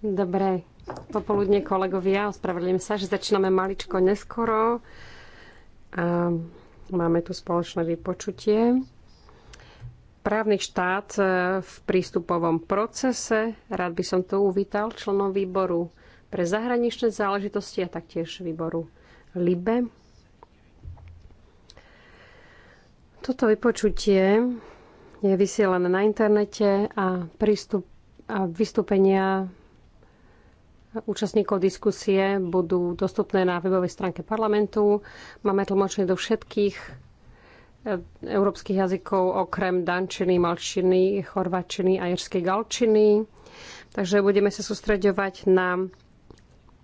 Dobré popoludne, kolegovia. ospravedlňujem sa, že začíname maličko neskoro. A máme tu spoločné vypočutie. Právny štát e, v prístupovom procese. Rád by som tu uvítal členom výboru pre zahraničné záležitosti a taktiež výboru LIBE. Toto vypočutie je vysielané na internete a, prístup, a vystúpenia účastníkov diskusie budú dostupné na webovej stránke parlamentu. Máme tlmočenie do všetkých eh, európskych jazykov okrem dančiny, malčiny, chorvačiny a jerskej galčiny. Takže budeme sa sústreďovať na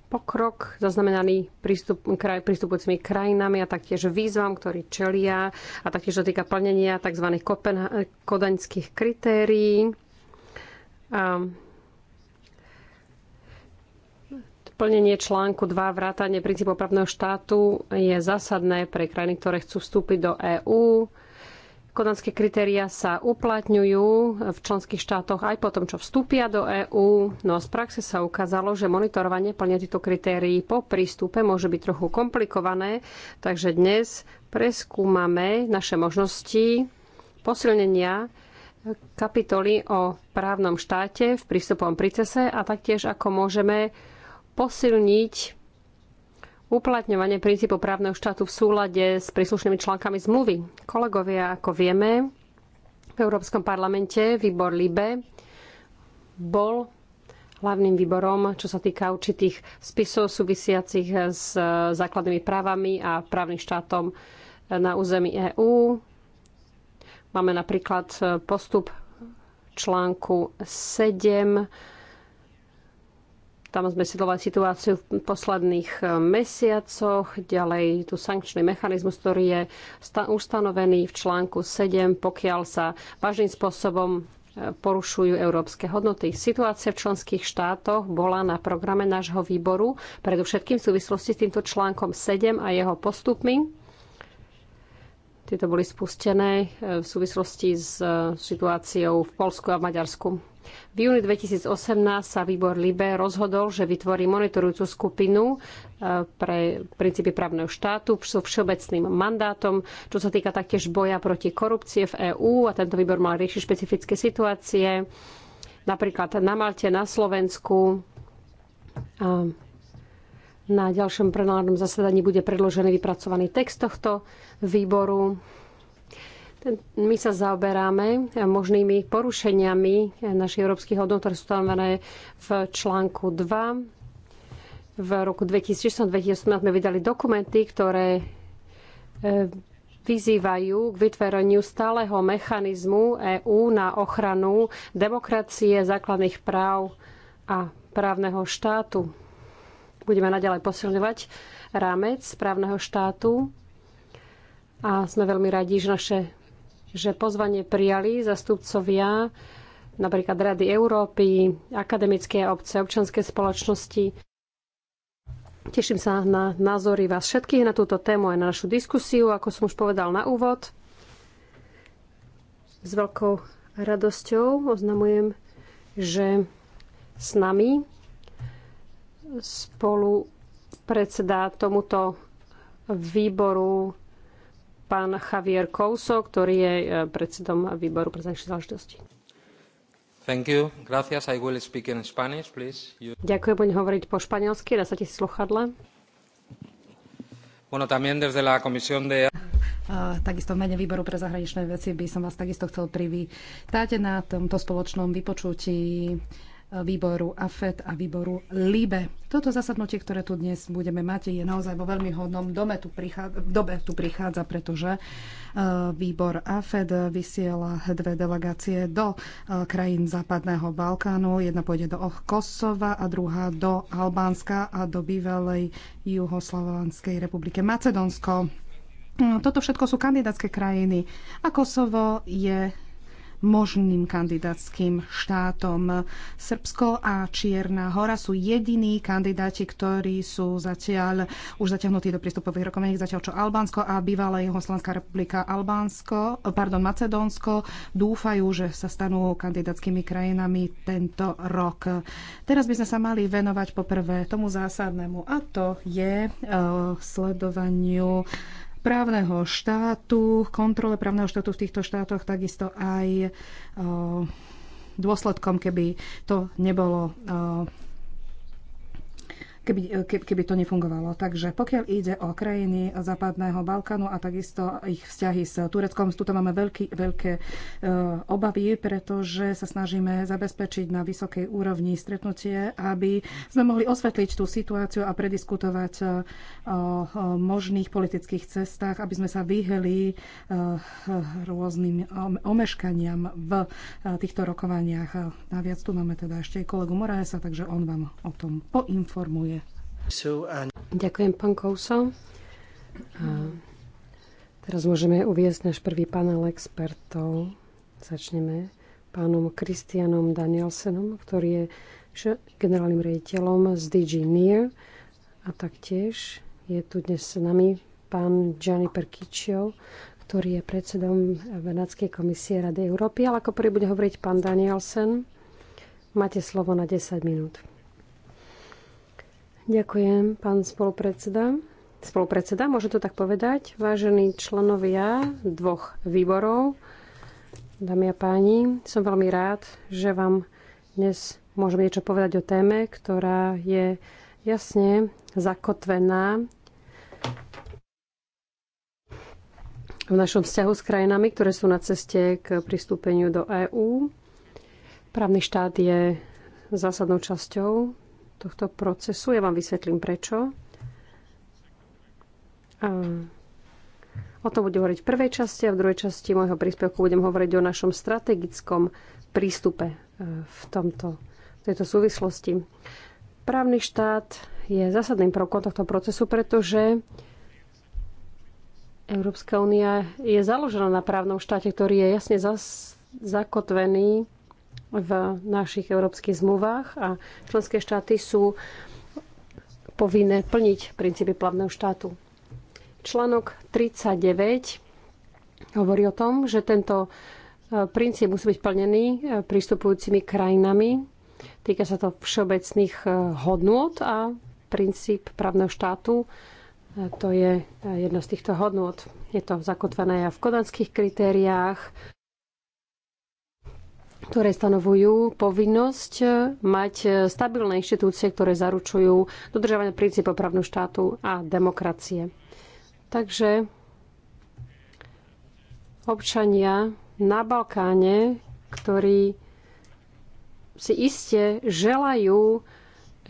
pokrok zaznamenaný prístup, kraj, prístupujúcimi krajinami a taktiež výzvam, ktorí čelia a taktiež sa týka plnenia tzv. Kopenha- kodaňských kritérií. A ehm, plnenie článku 2 vrátanie princípov právneho štátu je zásadné pre krajiny, ktoré chcú vstúpiť do EÚ. Kodanské kritéria sa uplatňujú v členských štátoch aj potom, čo vstúpia do EÚ. No a z praxe sa ukázalo, že monitorovanie plne týchto kritérií po prístupe môže byť trochu komplikované, takže dnes preskúmame naše možnosti posilnenia kapitoly o právnom štáte v prístupovom procese a taktiež ako môžeme posilniť uplatňovanie princípu právneho štátu v súlade s príslušnými článkami zmluvy. Kolegovia, ako vieme, v Európskom parlamente výbor LIBE bol hlavným výborom, čo sa týka určitých spisov súvisiacich s základnými právami a právnym štátom na území EÚ. Máme napríklad postup článku 7 tam sme sledovali situáciu v posledných eh, mesiacoch. Ďalej tu sankčný mechanizmus, ktorý je ustanovený v článku 7, pokiaľ sa vážnym spôsobom eh, porušujú európske hodnoty. Situácia v členských štátoch bola na programe nášho výboru, predovšetkým v súvislosti s týmto článkom 7 a jeho postupmi. Tieto boli spustené eh, v súvislosti s situáciou v Polsku a v Maďarsku. V júni 2018 sa výbor LIBE rozhodol, že vytvorí monitorujúcu skupinu e, pre princípy právneho štátu s všeobecným mandátom, čo sa týka taktiež boja proti korupcie v EÚ a tento výbor mal riešiť špecifické situácie, napríklad na Malte, na Slovensku. A na ďalšom plenárnom zasadaní bude predložený vypracovaný text tohto výboru. My sa zaoberáme možnými porušeniami našich európskych hodnot, ktoré sú stanovené v článku 2. V roku 2016-2018 sme vydali dokumenty, ktoré e, vyzývajú k vytvoreniu stáleho mechanizmu EÚ na ochranu demokracie, základných práv a právneho štátu. Budeme naďalej posilňovať rámec právneho štátu a sme veľmi radi, že naše že pozvanie prijali zastupcovia napríklad Rady Európy, akademické obce, občanské spoločnosti. Teším sa na názory vás všetkých na túto tému aj na našu diskusiu, ako som už povedal na úvod. S veľkou radosťou oznamujem, že s nami spolu predseda tomuto výboru pán Javier Couso, ktorý je e, predsedom výboru pre zahraničné záležitosti. Spanish, you... Ďakujem, budem hovoriť po španielsky, nasadte si sluchadle. Bueno, también desde la Comisión de takisto v mene výboru pre zahraničné veci by som vás takisto chcel privítať na tomto spoločnom vypočutí výboru AFET a výboru LIBE. Toto zasadnutie, ktoré tu dnes budeme mať, je naozaj vo veľmi hodnom dome tu prichádza, dobe tu prichádza, pretože e, výbor AFED vysiela dve delegácie do e, krajín Západného Balkánu. Jedna pôjde do Kosova a druhá do Albánska a do bývalej Juhoslovanskej republike Macedónsko. E, toto všetko sú kandidátske krajiny a Kosovo je možným kandidátským štátom. Srbsko a Čierna hora sú jediní kandidáti, ktorí sú zatiaľ už zatiahnutí do prístupových rokovaní, zatiaľ čo Albánsko a bývalá Slovenská republika Albánsko, pardon, Macedónsko dúfajú, že sa stanú kandidátskymi krajinami tento rok. Teraz by sme sa mali venovať poprvé tomu zásadnému a to je uh, sledovaniu právneho štátu, kontrole právneho štátu v týchto štátoch, takisto aj eh, dôsledkom, keby to nebolo eh, keby, e, keby to nefungovalo. Takže pokiaľ ide o krajiny Západného Balkánu a takisto ich vzťahy s Tureckom, tu máme veľký, veľké e, obavy, pretože sa snažíme zabezpečiť na vysokej úrovni stretnutie, aby sme mohli osvetliť tú situáciu a prediskutovať e, o, o možných politických cestách, aby sme sa vyhli e, rôznym omeškaniam v e, týchto rokovaniach. Naviac tu máme teda ešte aj kolegu Moraesa, takže on vám o tom poinformuje. Ďakujem, pán Kouso. A teraz môžeme uviezť náš prvý panel expertov. Začneme pánom Kristianom Danielsenom, ktorý je generálnym riaditeľom z DG NIR a taktiež je tu dnes s nami pán Gianni Perkiccio, ktorý je predsedom Benátskej komisie Rady Európy, ale ako prvý bude hovoriť pán Danielsen. Máte slovo na 10 minút. Ďakujem, pán spolupredseda. Spolupredseda, môže to tak povedať? Vážení členovia dvoch výborov, dámy a páni, som veľmi rád, že vám dnes môžem niečo povedať o téme, ktorá je jasne zakotvená v našom vzťahu s krajinami, ktoré sú na ceste k pristúpeniu do EÚ. Právny štát je zásadnou časťou tohto procesu. Ja vám vysvetlím prečo. O tom budem hovoriť v prvej časti a v druhej časti môjho príspevku budem hovoriť o našom strategickom prístupe e, v, tomto, v tejto súvislosti. Právny štát je zásadným prvkom tohto procesu, pretože Európska únia je založená na právnom štáte, ktorý je jasne zas, zakotvený v našich európskych zmluvách a členské štáty sú povinné plniť princípy plavného štátu. Článok 39 hovorí o tom, že tento e, princíp musí byť plnený e, pristupujúcimi krajinami. Týka sa to všeobecných e, hodnôt a princíp právneho štátu to je jedna z týchto hodnôt. Je to zakotvené aj v kodanských kritériách ktoré stanovujú povinnosť mať stabilné inštitúcie, ktoré zaručujú dodržovanie princípov právneho štátu a demokracie. Takže občania na Balkáne, ktorí si iste želajú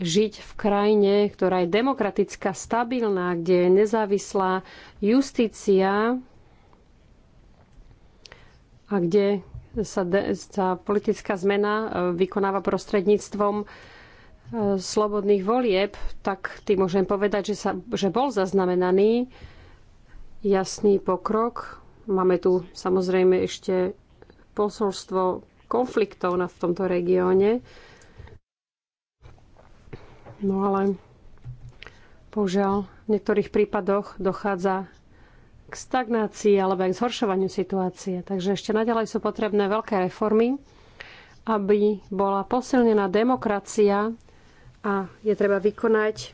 žiť v krajine, ktorá je demokratická, stabilná, kde je nezávislá justícia a kde sa, de, sa politická zmena e, vykonáva prostredníctvom e, slobodných volieb, tak tým môžem povedať, že, sa, že bol zaznamenaný jasný pokrok. Máme tu samozrejme ešte posolstvo konfliktov na, v tomto regióne. No ale bohužiaľ v niektorých prípadoch dochádza k stagnácii alebo aj k zhoršovaniu situácie. Takže ešte naďalej sú potrebné veľké reformy, aby bola posilnená demokracia a je treba vykonať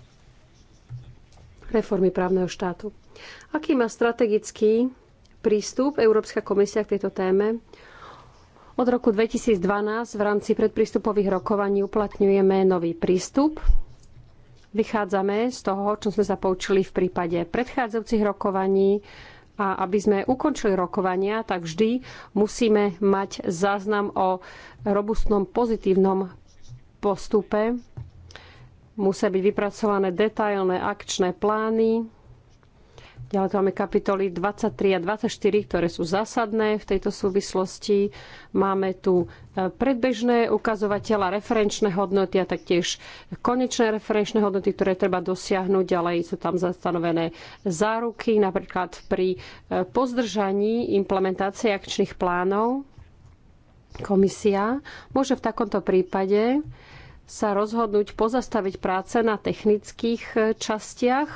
reformy právneho štátu. Aký má strategický prístup Európska komisia k tejto téme? Od roku 2012 v rámci predprístupových rokovaní uplatňujeme nový prístup, vychádzame z toho, čo sme sa poučili v prípade predchádzajúcich rokovaní a aby sme ukončili rokovania, tak vždy musíme mať záznam o robustnom pozitívnom postupe. Musia byť vypracované detailné akčné plány Ďalej tu máme kapitoly 23 a 24, ktoré sú zásadné v tejto súvislosti. Máme tu e, predbežné ukazovateľa, referenčné hodnoty a taktiež konečné referenčné hodnoty, ktoré treba dosiahnuť. Ďalej sú tam zastanovené záruky, napríklad pri e, pozdržaní implementácie akčných plánov. Komisia môže v takomto prípade sa rozhodnúť pozastaviť práce na technických e, častiach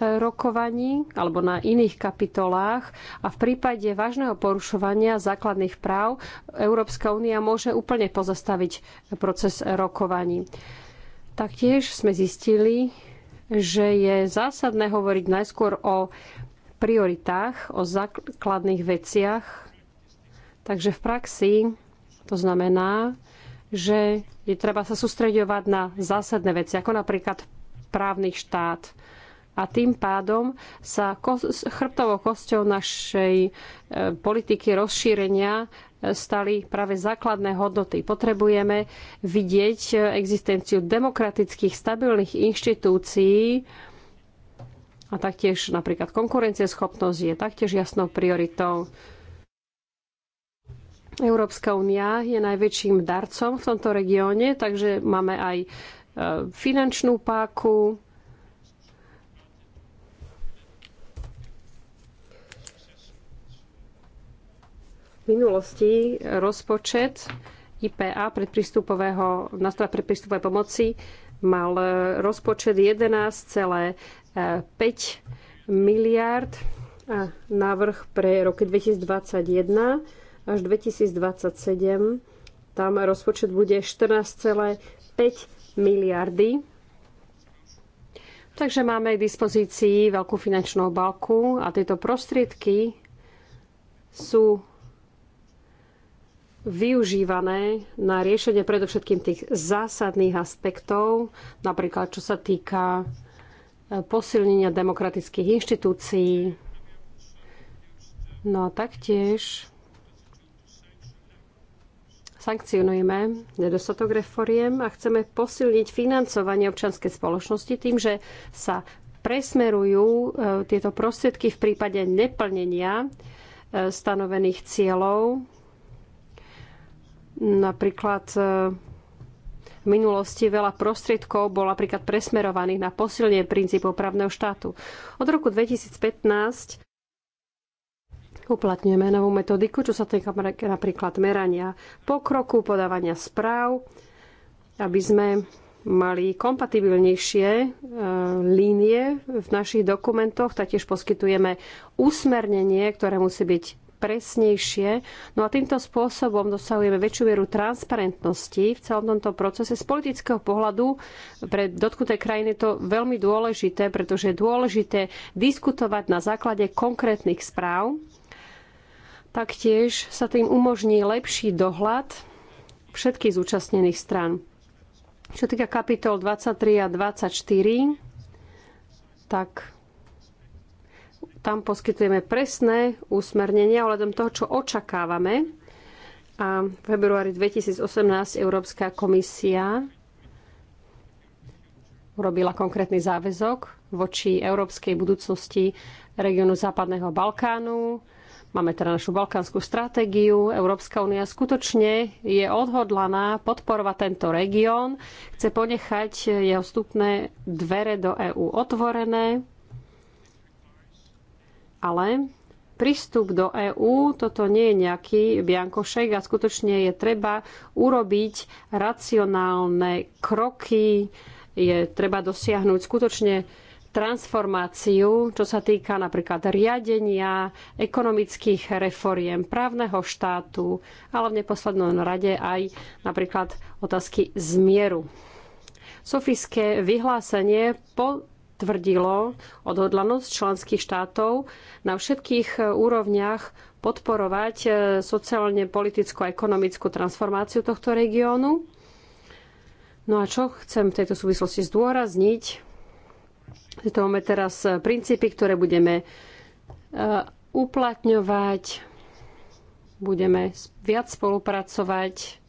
rokovaní alebo na iných kapitolách a v prípade vážneho porušovania základných práv Európska únia môže úplne pozastaviť proces rokovaní. Taktiež sme zistili, že je zásadné hovoriť najskôr o prioritách, o základných veciach. Takže v praxi to znamená, že je treba sa sústreďovať na zásadné veci, ako napríklad právny štát, a tým pádom sa chrbtovou kosťou našej e, politiky rozšírenia e, stali práve základné hodnoty. Potrebujeme vidieť e, existenciu demokratických, stabilných inštitúcií a taktiež napríklad konkurencieschopnosť je taktiež jasnou prioritou. Európska únia je najväčším darcom v tomto regióne, takže máme aj finančnú páku, minulosti rozpočet IPA predprístupového, nástroja predprístupovej pomoci mal rozpočet 11,5 miliard a návrh pre roky 2021 až 2027 tam rozpočet bude 14,5 miliardy. Takže máme k dispozícii veľkú finančnú obálku a tieto prostriedky sú využívané na riešenie predovšetkým tých zásadných aspektov, napríklad čo sa týka e, posilnenia demokratických inštitúcií. No a taktiež sankcionujeme nedostatok reforiem a chceme posilniť financovanie občianskej spoločnosti tým, že sa presmerujú e, tieto prostriedky v prípade neplnenia e, stanovených cieľov Napríklad e, v minulosti veľa prostriedkov bol napríklad presmerovaných na posilnenie princípov právneho štátu. Od roku 2015 uplatňujeme novú metodiku, čo sa týka napríklad merania pokroku, podávania správ, aby sme mali kompatibilnejšie e, línie v našich dokumentoch. Taktiež poskytujeme usmernenie, ktoré musí byť presnejšie. No a týmto spôsobom dosahujeme väčšiu mieru transparentnosti v celom tomto procese. Z politického pohľadu pre dotknuté krajiny je to veľmi dôležité, pretože je dôležité diskutovať na základe konkrétnych správ. Taktiež sa tým umožní lepší dohľad všetkých zúčastnených stran. Čo týka kapitol 23 a 24, tak tam poskytujeme presné úsmernenia ohľadom toho, čo očakávame. A v februári 2018 Európska komisia urobila konkrétny záväzok voči európskej budúcnosti regiónu Západného Balkánu. Máme teda našu balkánsku stratégiu. Európska únia skutočne je odhodlaná podporovať tento región. Chce ponechať jeho vstupné dvere do EÚ otvorené. Ale prístup do EÚ, toto nie je nejaký biankošek a skutočne je treba urobiť racionálne kroky, je treba dosiahnuť skutočne transformáciu, čo sa týka napríklad riadenia, ekonomických reforiem, právneho štátu, ale v neposlednom rade aj napríklad otázky zmieru. Sofiské vyhlásenie po tvrdilo odhodlanosť členských štátov na všetkých e, úrovniach podporovať e, sociálne, politickú a ekonomickú transformáciu tohto regiónu. No a čo chcem v tejto súvislosti zdôrazniť? To máme teraz e, princípy, ktoré budeme uplatňovať, budeme viac spolupracovať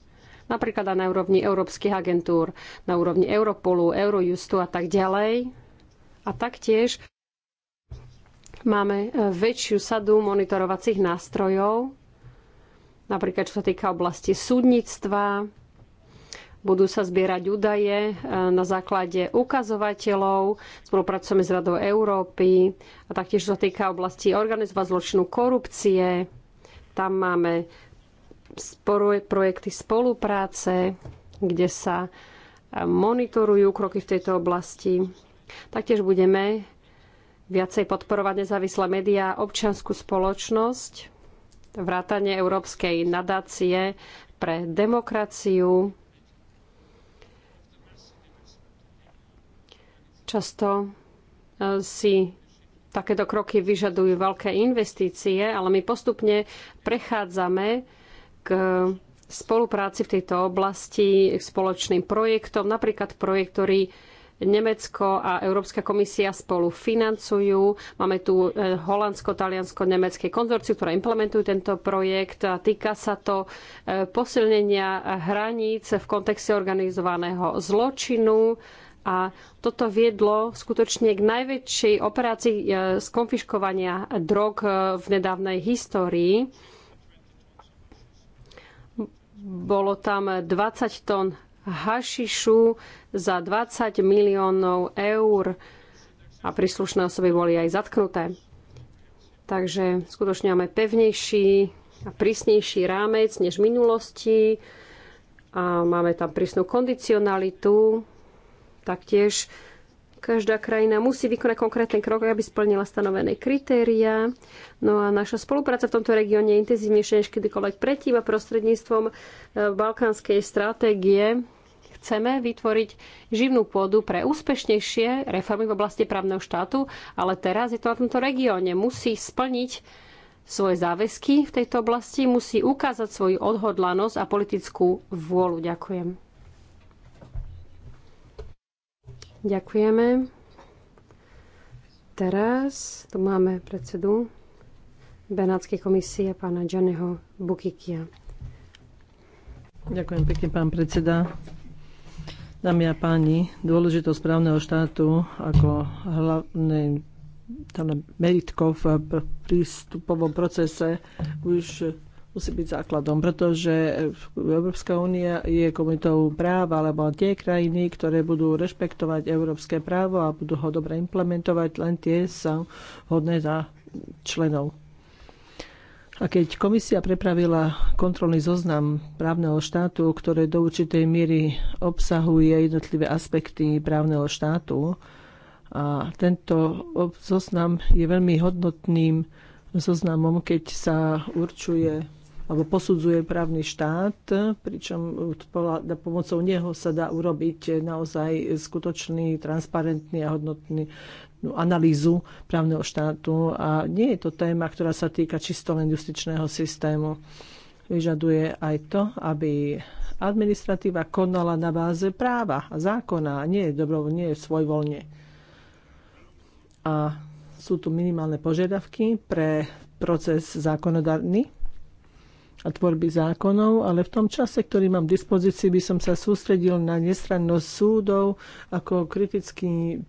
napríklad na úrovni európskych agentúr, na úrovni Europolu, Eurojustu a tak ďalej. A taktiež máme e, väčšiu sadu monitorovacích nástrojov, napríklad čo sa týka oblasti súdnictva, budú sa zbierať údaje e, na základe ukazovateľov, spolupracujeme s Radou Európy a taktiež čo sa týka oblasti organizovať zločinu korupcie. Tam máme projekty spolupráce, kde sa e, monitorujú kroky v tejto oblasti. Taktiež budeme viacej podporovať nezávislé médiá, občianskú spoločnosť, vrátanie Európskej nadácie pre demokraciu. Často e, si takéto kroky vyžadujú veľké investície, ale my postupne prechádzame k spolupráci v tejto oblasti, k spoločným projektom, napríklad projekt, ktorý Nemecko a Európska komisia spolu financujú. Máme tu e, Holandsko, Taliansko, Nemecké konzorciu, ktoré implementujú tento projekt. A týka sa to e, posilnenia hraníc v kontexte organizovaného zločinu. A toto viedlo skutočne k najväčšej operácii e, skonfiškovania drog v nedávnej histórii. Bolo tam 20 tón hašišu za 20 miliónov eur a príslušné osoby boli aj zatknuté. Takže skutočne máme pevnejší a prísnejší rámec než v minulosti a máme tam prísnu kondicionalitu. Taktiež každá krajina musí vykonať konkrétny krok, aby splnila stanovené kritéria. No a naša spolupráca v tomto regióne je intenzívnejšia než kedykoľvek predtým a prostredníctvom eh, balkánskej stratégie Chceme vytvoriť živnú pôdu pre úspešnejšie reformy v oblasti právneho štátu, ale teraz je to na tomto regióne. Musí splniť svoje záväzky v tejto oblasti, musí ukázať svoju odhodlanosť a politickú vôľu. Ďakujem. Ďakujeme. Teraz tu máme predsedu Benátskej komisie pána Janeho Bukikia. Ďakujem pekne, pán predseda. Dámy a páni, dôležitosť právneho štátu ako hlavnej teda meritko v prístupovom procese už musí byť základom, pretože Európska únia je komunitou práva, alebo tie krajiny, ktoré budú rešpektovať európske právo a budú ho dobre implementovať, len tie sú hodné za členov. A keď komisia prepravila kontrolný zoznam právneho štátu, ktoré do určitej miery obsahuje jednotlivé aspekty právneho štátu, a tento zoznam je veľmi hodnotným zoznamom, keď sa určuje alebo posudzuje právny štát, pričom pomocou neho sa dá urobiť naozaj skutočný, transparentný a hodnotný No, analýzu právneho štátu a nie je to téma, ktorá sa týka čisto len justičného systému. Vyžaduje aj to, aby administratíva konala na báze práva a zákona a nie, dobro, nie svojvoľne. A sú tu minimálne požiadavky pre proces zákonodárny a tvorby zákonov, ale v tom čase, ktorý mám v dispozícii, by som sa sústredil na nestrannosť súdov ako kritický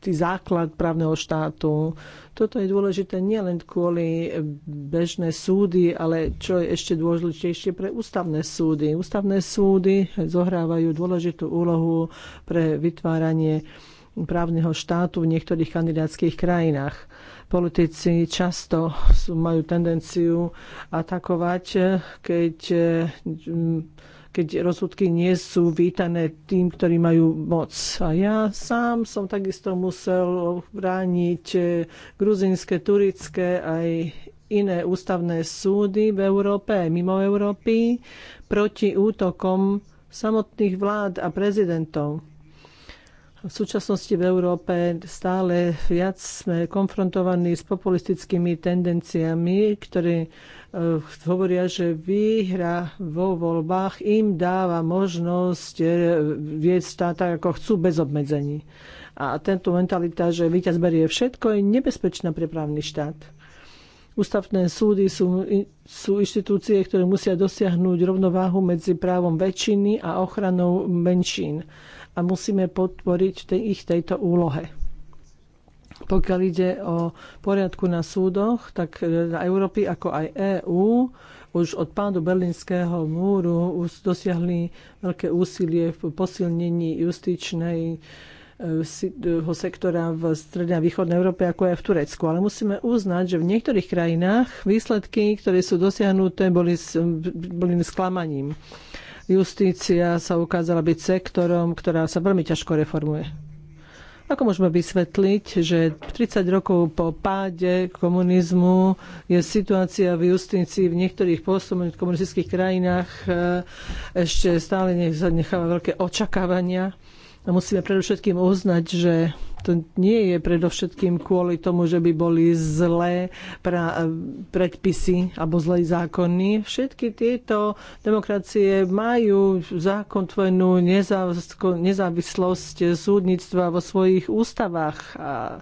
tý základ právneho štátu. Toto je dôležité nielen kvôli bežné súdy, ale čo je ešte dôležitejšie pre ústavné súdy. Ústavné súdy zohrávajú dôležitú úlohu pre vytváranie právneho štátu v niektorých kandidátskych krajinách. Politici často majú tendenciu atakovať, keď mm, keď rozsudky nie sú vítané tým, ktorí majú moc. A ja sám som takisto musel brániť gruzinské, turické aj iné ústavné súdy v Európe aj mimo Európy proti útokom samotných vlád a prezidentov. V súčasnosti v Európe stále viac sme konfrontovaní s populistickými tendenciami, ktoré e, hovoria, že výhra vo voľbách im dáva možnosť e, viesť štát tak, ako chcú, bez obmedzení. A tento mentalita, že víťaz berie všetko, je nebezpečná pre právny štát. Ústavné súdy sú, sú inštitúcie, ktoré musia dosiahnuť rovnováhu medzi právom väčšiny a ochranou menšín a musíme podporiť ich tejto úlohe. Pokiaľ ide o poriadku na súdoch, tak na Európy ako aj EÚ už od pádu berlínskeho múru dosiahli veľké úsilie v posilnení justičnej e, e, sektora v strednej a východnej Európe, ako aj v Turecku. Ale musíme uznať, že v niektorých krajinách výsledky, ktoré sú dosiahnuté, boli, boli sklamaním. Justícia sa ukázala byť sektorom, ktorá sa veľmi ťažko reformuje. Ako môžeme vysvetliť, že 30 rokov po páde komunizmu je situácia v justícii v niektorých postupných komunistických krajinách e, ešte stále necháva veľké očakávania. A musíme predovšetkým uznať, že to nie je predovšetkým kvôli tomu, že by boli zlé pra, eh, predpisy alebo zlé zákony. Všetky tieto demokracie majú zákontvenú nezávislosť súdnictva vo svojich ústavách. A,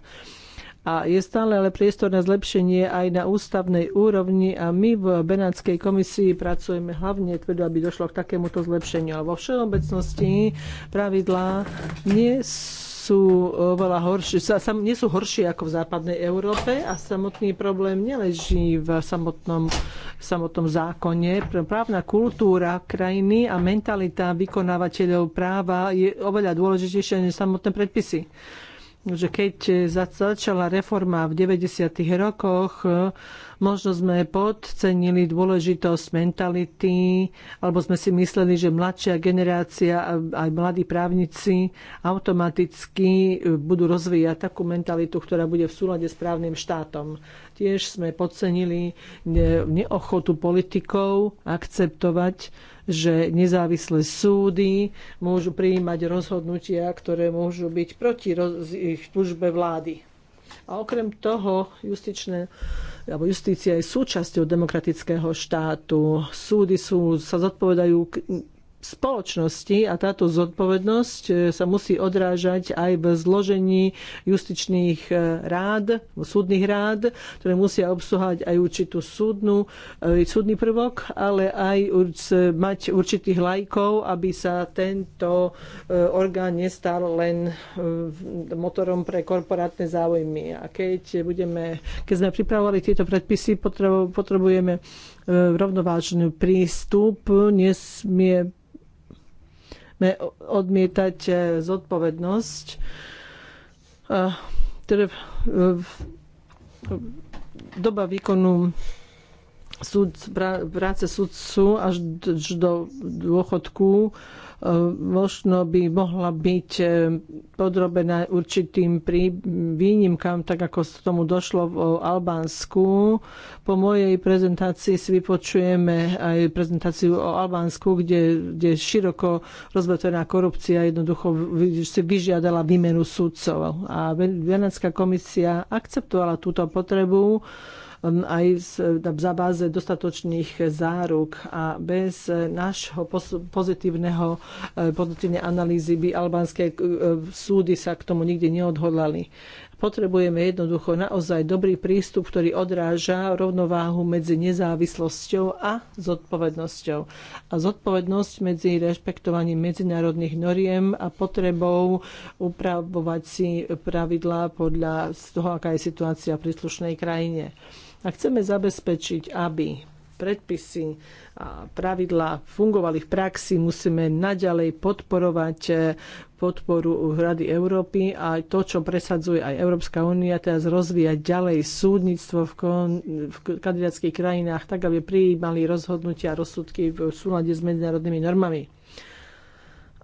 a je stále ale priestor na zlepšenie aj na ústavnej úrovni a my v Benátskej komisii pracujeme hlavne tvrdo, aby došlo k takémuto zlepšeniu. Ale vo všeobecnosti pravidlá nie sú sú oveľa horšie, sa, sam, nie sú horšie ako v západnej Európe a samotný problém neleží v samotnom, v samotnom zákone. Právna kultúra krajiny a mentalita vykonávateľov práva je oveľa dôležitejšia než samotné predpisy že keď e, začala reforma v 90. rokoch, e, možno sme podcenili dôležitosť mentality, alebo sme si mysleli, že mladšia generácia, aj mladí právnici automaticky e, budú rozvíjať takú mentalitu, ktorá bude v súlade s právnym štátom. Tiež sme podcenili neochotu politikov akceptovať že nezávislé súdy môžu prijímať rozhodnutia, ktoré môžu byť proti ich službe vlády. A okrem toho justičné, alebo justícia je súčasťou demokratického štátu. Súdy sú, sa zodpovedajú spoločnosti a táto zodpovednosť e, sa musí odrážať aj v zložení justičných e, rád, súdnych rád, ktoré musia obsluhať aj určitú súdnu, e, súdny prvok, ale aj mať určitých lajkov, aby sa tento orgán nestal len motorom pre korporátne záujmy. A keď, budeme, keď sme pripravovali tieto predpisy, potrebujeme rovnovážny prístup, nesmie odmietať eh, zodpovednosť. Teda eh, doba výkonu súd, práce sudcu až do dôchodku Eh, možno by mohla byť eh, podrobená určitým výnimkám, tak ako sa tomu došlo v Albánsku. Po mojej prezentácii si vypočujeme aj prezentáciu o Albánsku, kde, je široko rozvetvená korupcia jednoducho si vyžiadala výmenu sudcov. A Venecká komisia akceptovala túto potrebu Um, aj za báze dostatočných záruk a bez nášho pozitívneho, eh, pozitívnej analýzy by albánske eh, súdy sa k tomu nikdy neodhodlali. Potrebujeme jednoducho naozaj dobrý prístup, ktorý odráža rovnováhu medzi nezávislosťou a zodpovednosťou. A zodpovednosť medzi rešpektovaním medzinárodných noriem a potrebou upravovať si pravidlá podľa toho, aká je situácia v príslušnej krajine. A chceme zabezpečiť, aby predpisy a pravidlá fungovali v praxi, musíme naďalej podporovať eh, podporu Rady Európy a to, čo presadzuje aj Európska únia, teraz rozvíjať ďalej súdnictvo v, kon- v kandidátskych krajinách, tak aby prijímali rozhodnutia a rozsudky v súlade s medzinárodnými normami.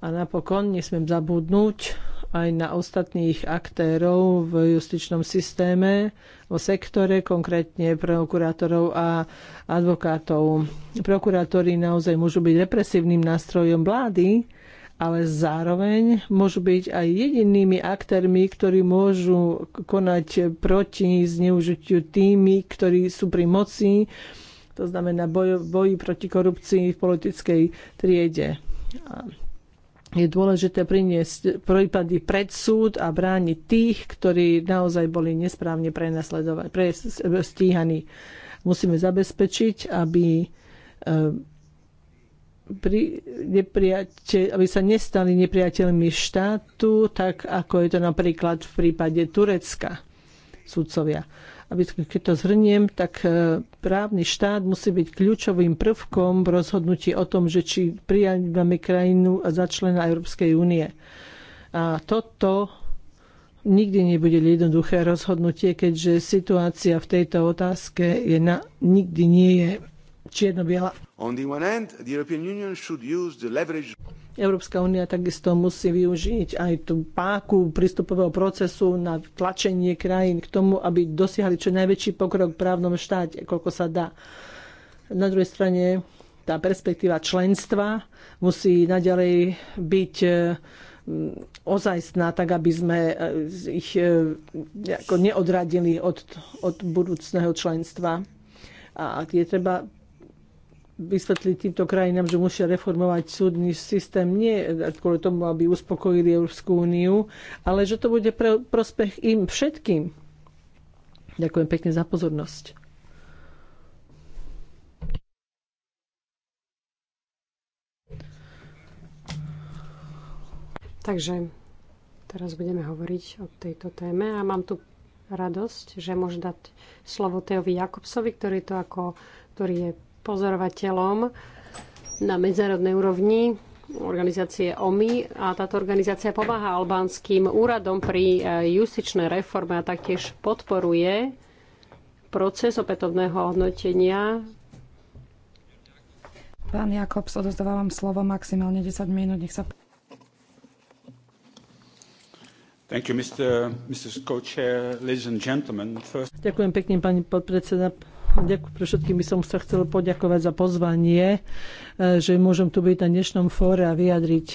A napokon nesmiem zabudnúť aj na ostatných aktérov v justičnom systéme, vo sektore, konkrétne prokurátorov a advokátov. Prokurátori naozaj môžu byť represívnym nástrojom vlády, ale zároveň môžu byť aj jedinými aktérmi, ktorí môžu konať proti zneužitiu tými, ktorí sú pri moci, to znamená boji proti korupcii v politickej triede je dôležité priniesť prípady pred súd a brániť tých, ktorí naozaj boli nesprávne prenasledovaní, stíhaní. Musíme zabezpečiť, aby eh, pri, aby sa nestali nepriateľmi štátu, tak ako je to napríklad v prípade Turecka sudcovia aby keď to zhrniem, tak e, právny štát musí byť kľúčovým prvkom v rozhodnutí o tom, že či prijavíme krajinu za člena Európskej únie. A toto nikdy nebude jednoduché rozhodnutie, keďže situácia v tejto otázke je na, nikdy nie je čierno-biela. On the one the European Union should use the leverage Európska únia takisto musí využiť aj tú páku prístupového procesu na tlačenie krajín k tomu, aby dosiahli čo najväčší pokrok v právnom štáte, koľko sa dá. Na druhej strane tá perspektíva členstva musí naďalej byť e, ozajstná, tak aby sme e, ich e, neodradili od, od budúcného členstva. A je treba vysvetliť týmto krajinám, že musia reformovať súdny systém nie kvôli tomu, aby uspokojili Európsku úniu, ale že to bude pre prospech im všetkým. Ďakujem pekne za pozornosť. Takže teraz budeme hovoriť o tejto téme a mám tu radosť, že môžem dať slovo Teovi Jakobsovi, ktorý, to ako, ktorý je pozorovateľom na medzinárodnej úrovni organizácie OMI a táto organizácia pomáha albánským úradom pri e, justičnej reforme a taktiež podporuje proces opätovného hodnotenia. Pán Jakobs, odozdávam slovo maximálne 10 minút. Nech sa... Thank you, Mr. Mr. First... Ďakujem pekne, pani podpredseda, Ďakujem pre všetkým, by som sa chcel poďakovať za pozvanie, e, že môžem tu byť na dnešnom fóre a vyjadriť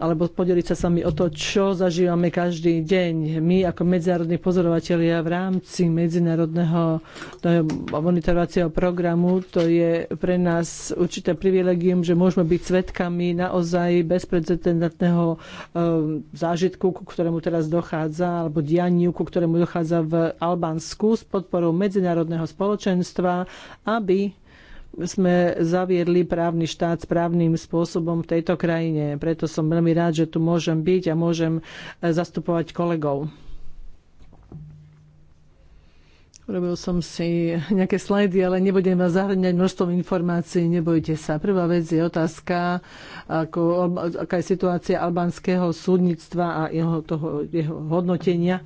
alebo podeliť sa sami o to, čo zažívame každý deň. My ako medzinárodní pozorovatelia v rámci medzinárodného monitorovacieho programu, to je pre nás určité privilegium, že môžeme byť svetkami naozaj bezprecedentného e, zážitku, ku ktorému teraz dochádza, alebo dianiu, ku ktorému dochádza v Albánsku s podporou medzinárodného spoločenstva, aby sme zaviedli právny štát správnym spôsobom v tejto krajine. Preto som veľmi rád, že tu môžem byť a môžem e, zastupovať kolegov. Robil som si nejaké slajdy, ale nebudem vás zahrňať množstvom informácií, nebojte sa. Prvá vec je otázka, ako, aká je situácia albánskeho súdnictva a jeho, toho, jeho hodnotenia.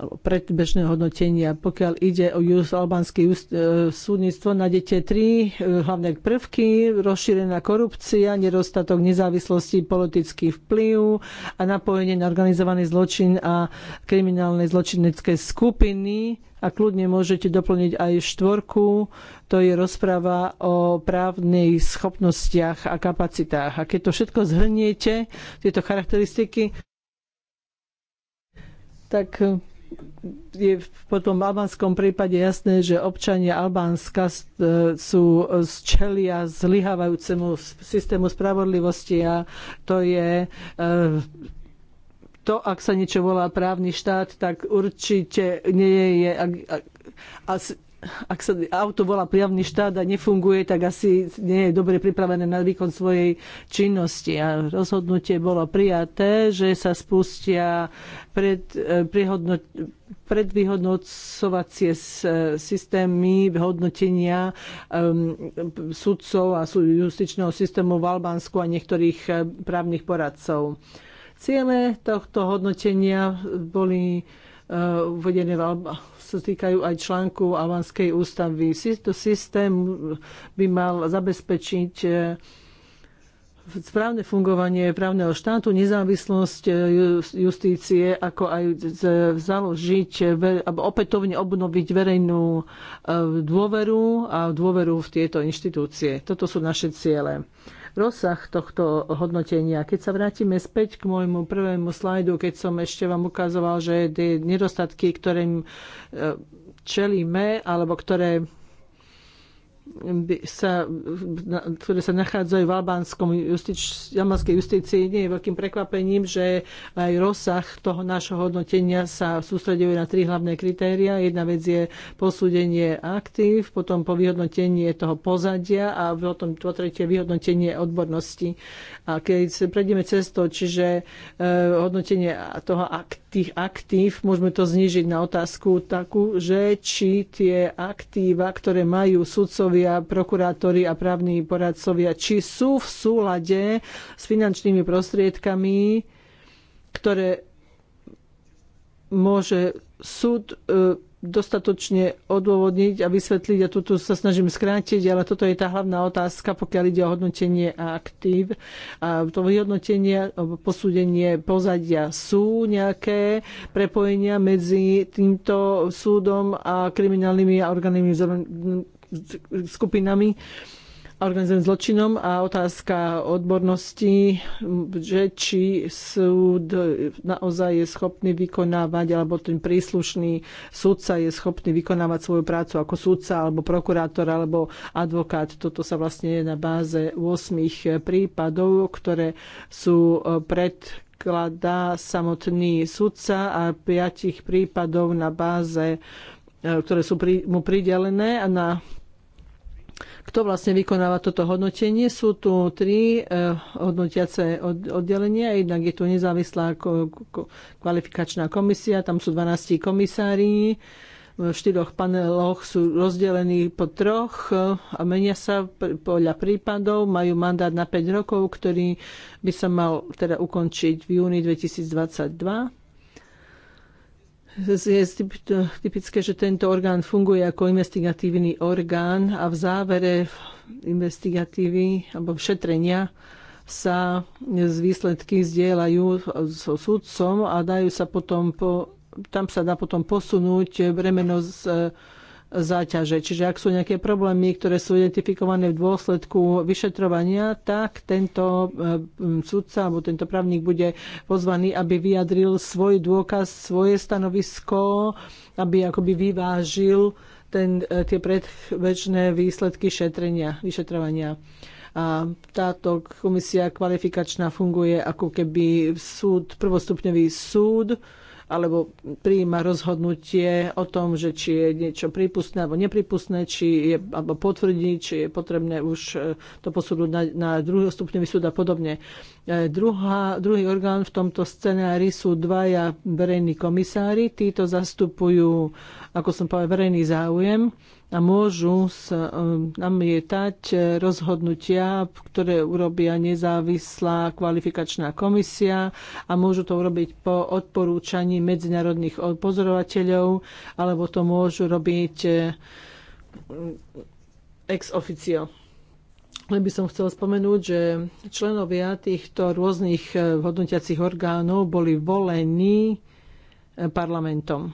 Predbežné hodnotenia. Pokiaľ ide o just, albánske just, e, súdnictvo, nájdete tri e, hlavné prvky. Rozšírená korupcia, nedostatok nezávislosti, politický vplyv a napojenie na organizovaný zločin a kriminálne zločinecké skupiny. A kľudne môžete doplniť aj štvorku, to je rozpráva o právnych schopnostiach a kapacitách. A keď to všetko zhrniete, tieto charakteristiky, tak je v tom albánskom prípade jasné, že občania Albánska e, sú e, čelia zlyhávajúcemu systému spravodlivosti a to je e, to, ak sa niečo volá právny štát, tak určite nie je, ak, ak, ak sa auto volá prijavný štát a nefunguje, tak asi nie je dobre pripravené na výkon svojej činnosti. A rozhodnutie bolo prijaté, že sa spustia pred, eh, prihodno, predvyhodnocovacie eh, systémy hodnotenia ehm, sudcov a justičného systému v Albánsku a niektorých eh, právnych poradcov. Ciele tohto hodnotenia boli uvedené v Albánsku sa týkajú aj článku Avanskej ústavy. To systém by mal zabezpečiť e, správne fungovanie právneho štátu, nezávislosť e, justície, ako aj založiť, opätovne obnoviť verejnú e, dôveru a dôveru v tieto inštitúcie. Toto sú naše ciele rozsah tohto hodnotenia. Keď sa vrátime späť k môjmu prvému slajdu, keď som ešte vám ukazoval, že tie nedostatky, ktorým eh, čelíme, alebo ktoré sa, na, ktoré sa nachádzajú v albánskom justič, albánskej justícii, nie je veľkým prekvapením, že aj rozsah toho nášho hodnotenia sa sústreduje na tri hlavné kritéria. Jedna vec je posúdenie aktív, potom po vyhodnotenie toho pozadia a potom po tretie vyhodnotenie odbornosti. A keď prejdeme cestou, čiže e, hodnotenie toho ak, tých aktív, môžeme to znižiť na otázku takú, že či tie aktíva, ktoré majú sudcovia, prokurátori a právni poradcovia, či sú v súlade s finančnými prostriedkami, ktoré môže súd e, dostatočne odôvodniť a vysvetliť a tuto sa snažím skrátiť, ale toto je tá hlavná otázka, pokiaľ ide o hodnotenie a aktív. A to vyhodnotenie, posúdenie pozadia sú nejaké prepojenia medzi týmto súdom a kriminálnymi a organizovanými skupinami organizovaným zločinom a otázka odbornosti, že či súd naozaj je schopný vykonávať, alebo ten príslušný súdca je schopný vykonávať svoju prácu ako súdca, alebo prokurátor, alebo advokát. Toto sa vlastne je na báze 8 prípadov, ktoré sú e, pred kladá samotný sudca a piatich prípadov na báze, e, ktoré sú mu pridelené a na kto vlastne vykonáva toto hodnotenie. Sú tu tri eh, hodnotiace oddelenia. Jednak je tu nezávislá kvalifikačná komisia, tam sú 12 komisári. V štyroch paneloch sú rozdelení po troch eh, a menia sa podľa prípadov. Majú mandát na 5 rokov, ktorý by sa mal teda ukončiť v júni 2022 je typické, že tento orgán funguje ako investigatívny orgán a v závere investigatívy alebo šetrenia sa z výsledky zdieľajú so sudcom a dajú sa potom po, tam sa dá potom posunúť bremeno z záťaže. Čiže ak sú nejaké problémy, ktoré sú identifikované v dôsledku vyšetrovania, tak tento e, sudca alebo tento právnik bude pozvaný, aby vyjadril svoj dôkaz, svoje stanovisko, aby akoby vyvážil ten, e, tie predväčné výsledky šetrenia, vyšetrovania. A táto komisia kvalifikačná funguje ako keby súd, prvostupňový súd, alebo prijíma rozhodnutie o tom, že či je niečo prípustné alebo nepripustné, či je, alebo potvrdí, či je potrebné už e, to posúdiť na, na druhý stupňový súd a podobne. E, druhá, druhý orgán v tomto scenári sú dvaja verejní komisári. Títo zastupujú, ako som povedal, verejný záujem a môžu sa um, namietať rozhodnutia, ktoré urobia nezávislá kvalifikačná komisia a môžu to urobiť po odporúčaní medzinárodných pozorovateľov alebo to môžu robiť eh, ex officio. Len by som chcela spomenúť, že členovia týchto rôznych eh, hodnotiacich orgánov boli volení eh, parlamentom.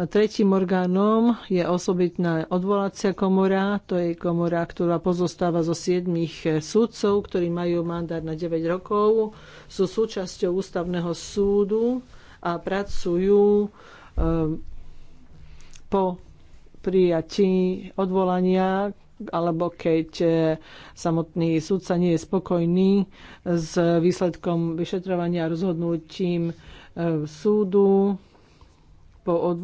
A tretím orgánom je osobitná odvolacia komora. To je komora, ktorá pozostáva zo siedmých eh, súdcov, ktorí majú mandát na 9 rokov. Sú súčasťou ústavného súdu a pracujú eh, po prijatí odvolania alebo keď eh, samotný súdca nie je spokojný s výsledkom vyšetrovania a rozhodnutím súdu po,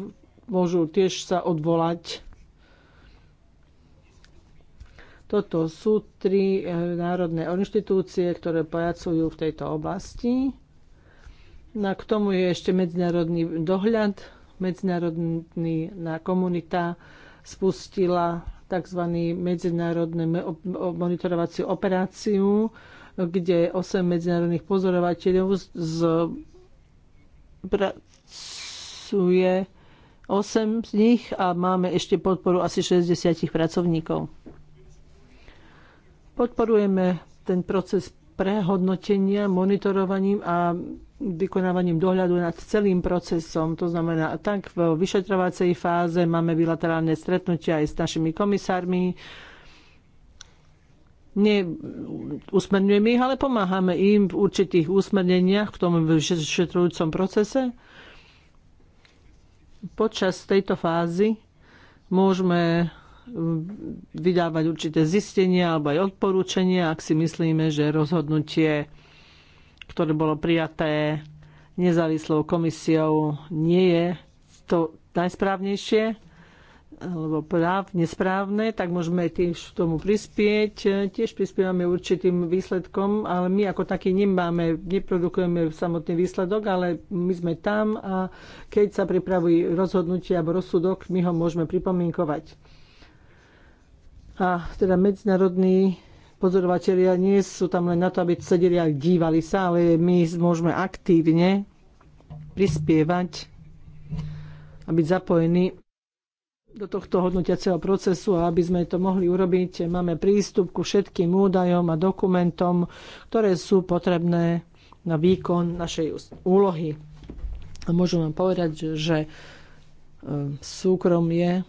môžu tiež sa odvolať. Toto sú tri eh, národné inštitúcie, ktoré pracujú v tejto oblasti. Na k tomu je ešte medzinárodný dohľad. Medzinárodný komunita spustila tzv. medzinárodnú monitorovaciu operáciu, kde 8 medzinárodných pozorovateľov z, pracuje 8 z nich a máme ešte podporu asi 60 pracovníkov. Podporujeme ten proces prehodnotenia, monitorovaním a vykonávaním dohľadu nad celým procesom. To znamená, tak v vyšetrovacej fáze máme bilaterálne stretnutia aj s našimi komisármi, neusmerňujeme ich, ale pomáhame im v určitých úsmerneniach v tom vyšetrujúcom procese Počas tejto fázy môžeme um, vydávať určité zistenia alebo aj odporúčania, ak si myslíme, že rozhodnutie, ktoré bolo prijaté nezávislou komisiou, nie je to najsprávnejšie alebo práv nesprávne, tak môžeme tiež tomu prispieť. Tiež prispievame určitým výsledkom, ale my ako taký nemáme, neprodukujeme samotný výsledok, ale my sme tam a keď sa pripravuje rozhodnutie alebo rozsudok, my ho môžeme pripomienkovať. A teda medzinárodní pozorovatelia nie sú tam len na to, aby sedeli a dívali sa, ale my môžeme aktívne prispievať a byť zapojení do tohto hodnotiaceho procesu a aby sme to mohli urobiť, máme prístup ku všetkým údajom a dokumentom, ktoré sú potrebné na výkon našej úlohy. A môžem vám povedať, že e, súkrom je,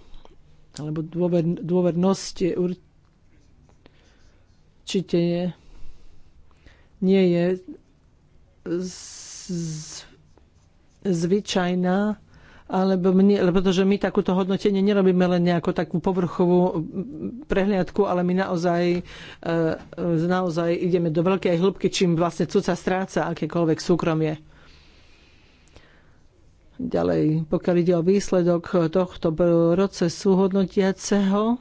alebo dôver, dôvernosť je určite nie, nie je z, z, zvyčajná alebo mne, pretože my takúto hodnotenie nerobíme len nejakú takú povrchovú prehliadku, ale my naozaj, e, e, naozaj ideme do veľkej hĺbky, čím vlastne cudca stráca akékoľvek súkromie. Ďalej, pokiaľ ide o výsledok tohto procesu hodnotiaceho,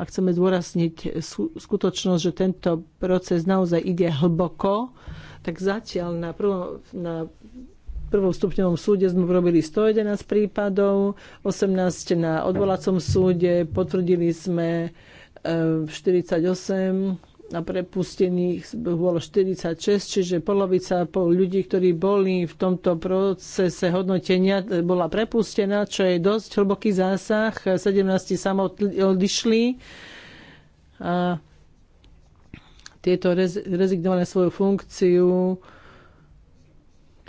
a chceme zdôrazniť skutočnosť, že tento proces naozaj ide hlboko, tak zatiaľ na, prvom, na prvom stupňovom súde sme urobili 111 prípadov, 18 na odvolacom súde, potvrdili sme 48 e, a prepustených bolo 46, čiže polovica pol ľudí, ktorí boli v tomto procese hodnotenia, e, bola prepustená, čo je dosť hlboký zásah. 17 samot odišli a tieto rezignovali svoju funkciu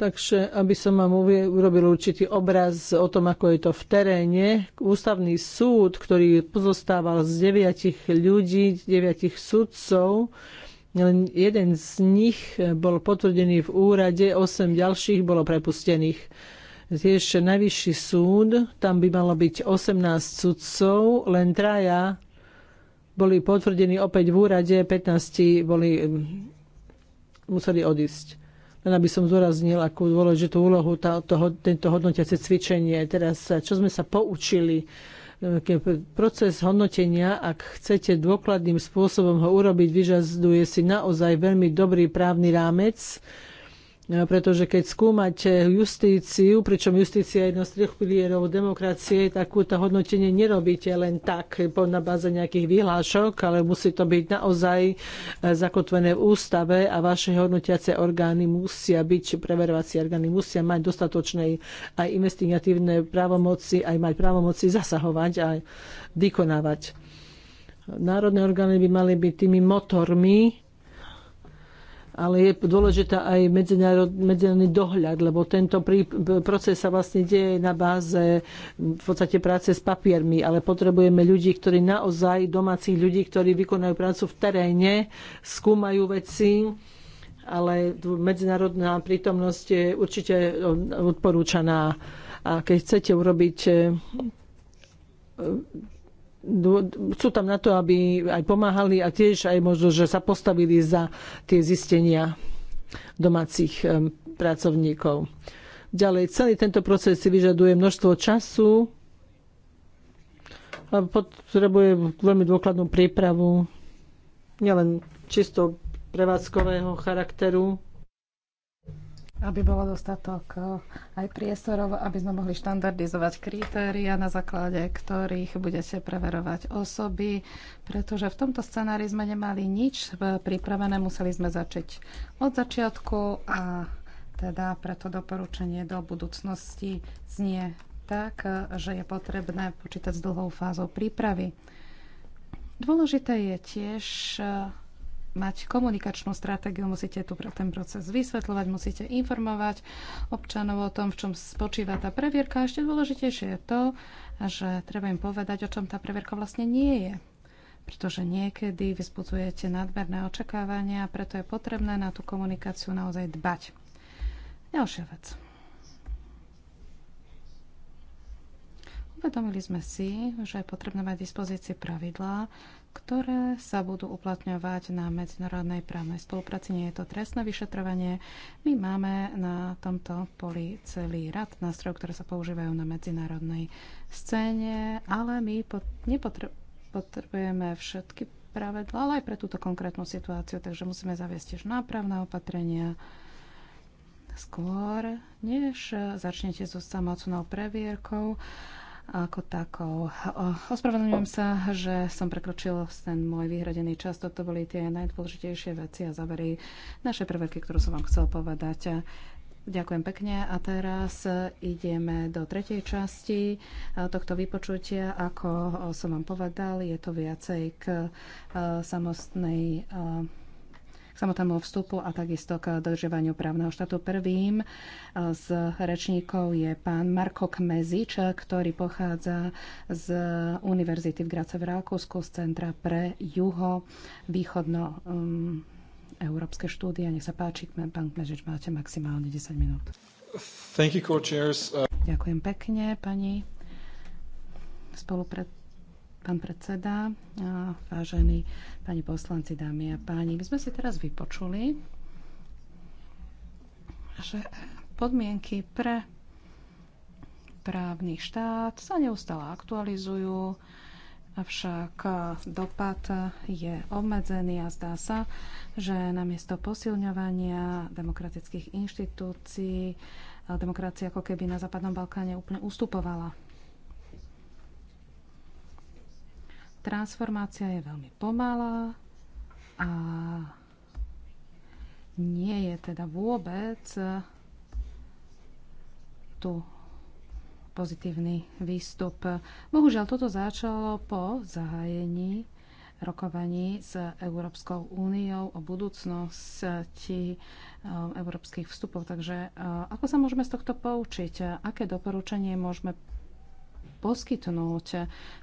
Takže aby som vám urobil určitý obraz o tom, ako je to v teréne, ústavný súd, ktorý pozostával z deviatich ľudí, deviatich sudcov, len jeden z nich bol potvrdený v úrade, osem ďalších bolo prepustených. Tiež najvyšší súd, tam by malo byť 18 sudcov, len traja boli potvrdení opäť v úrade, 15 boli, museli odísť. Len aby som zdôraznil, akú dôležitú úlohu tá, toho, tento hodnotiace cvičenie. Teraz, eh, čo sme sa poučili eh, proces hodnotenia, ak chcete dôkladným spôsobom ho urobiť, vyžaduje si naozaj veľmi dobrý právny rámec, No, pretože keď skúmate justíciu, pričom justícia je jedno z troch pilierov demokracie, takúto hodnotenie nerobíte len tak na báze nejakých vyhlášok, ale musí to byť naozaj e, zakotvené v ústave a vaše hodnotiace orgány musia byť, či preverovacie orgány musia mať dostatočné aj investigatívne právomoci, aj mať právomoci zasahovať a vykonávať. Národné orgány by mali byť tými motormi ale je dôležitá aj medzinárodný dohľad, lebo tento prí, proces sa vlastne deje na báze v podstate práce s papiermi, ale potrebujeme ľudí, ktorí naozaj, domácich ľudí, ktorí vykonajú prácu v teréne, skúmajú veci, ale medzinárodná prítomnosť je určite odporúčaná. A keď chcete urobiť e, sú tam na to, aby aj pomáhali a tiež aj možno, že sa postavili za tie zistenia domácich pracovníkov. Ďalej, celý tento proces si vyžaduje množstvo času a potrebuje veľmi dôkladnú prípravu, nielen čisto prevádzkového charakteru, aby bolo dostatok eh, aj priestorov, aby sme mohli štandardizovať kritéria, na základe ktorých budete preverovať osoby, pretože v tomto scenári sme nemali nič pripravené, museli sme začať od začiatku a teda preto doporučenie do budúcnosti znie tak, že je potrebné počítať s dlhou fázou prípravy. Dôležité je tiež eh, mať komunikačnú stratégiu, musíte tu ten proces vysvetľovať, musíte informovať občanov o tom, v čom spočíva tá previerka. A ešte dôležitejšie je to, že treba im povedať, o čom tá previerka vlastne nie je pretože niekedy vyspudzujete nadmerné očakávania a preto je potrebné na tú komunikáciu naozaj dbať. Ďalšia vec. Uvedomili sme si, že je potrebné mať dispozícii pravidlá, ktoré sa budú uplatňovať na medzinárodnej právnej spolupráci. Nie je to trestné vyšetrovanie. My máme na tomto poli celý rad nástrojov, ktoré sa používajú na medzinárodnej scéne, ale my potrebujeme všetky pravidla, ale aj pre túto konkrétnu situáciu, takže musíme zaviesť tiež nápravné opatrenia skôr, než začnete so samotnou previerkou ako takou. Ospravedlňujem sa, že som prekročil ten môj vyhradený čas. Toto boli tie najdôležitejšie veci a závery naše preverky, ktorú som vám chcel povedať. Ďakujem pekne a teraz ideme do tretej časti eh, tohto vypočutia. Ako som vám povedal, je to viacej k eh, samostnej eh, samotnému vstupu a takisto k dodržovaniu právneho štátu. Prvým e, z rečníkov je pán Marko Kmezič, ktorý pochádza z Univerzity v Grace v Rakúsku z Centra pre juho-východno um, európske štúdie. Nech sa páči, pán Kmezič, máte maximálne 10 minút. Thank you, co-chairs. Ďakujem pekne, pani spolupred Pán predseda, vážení pani poslanci, dámy a páni, my sme si teraz vypočuli, že podmienky pre právny štát sa neustále aktualizujú, avšak dopad je obmedzený a zdá sa, že namiesto posilňovania demokratických inštitúcií demokracia ako keby na Západnom Balkáne úplne ustupovala transformácia je veľmi pomalá a nie je teda vôbec tu pozitívny výstup. Bohužiaľ, toto začalo po zahájení rokovaní s Európskou úniou o budúcnosti eh, európskych vstupov. Takže eh, ako sa môžeme z tohto poučiť? Aké doporučenie môžeme poskytnúť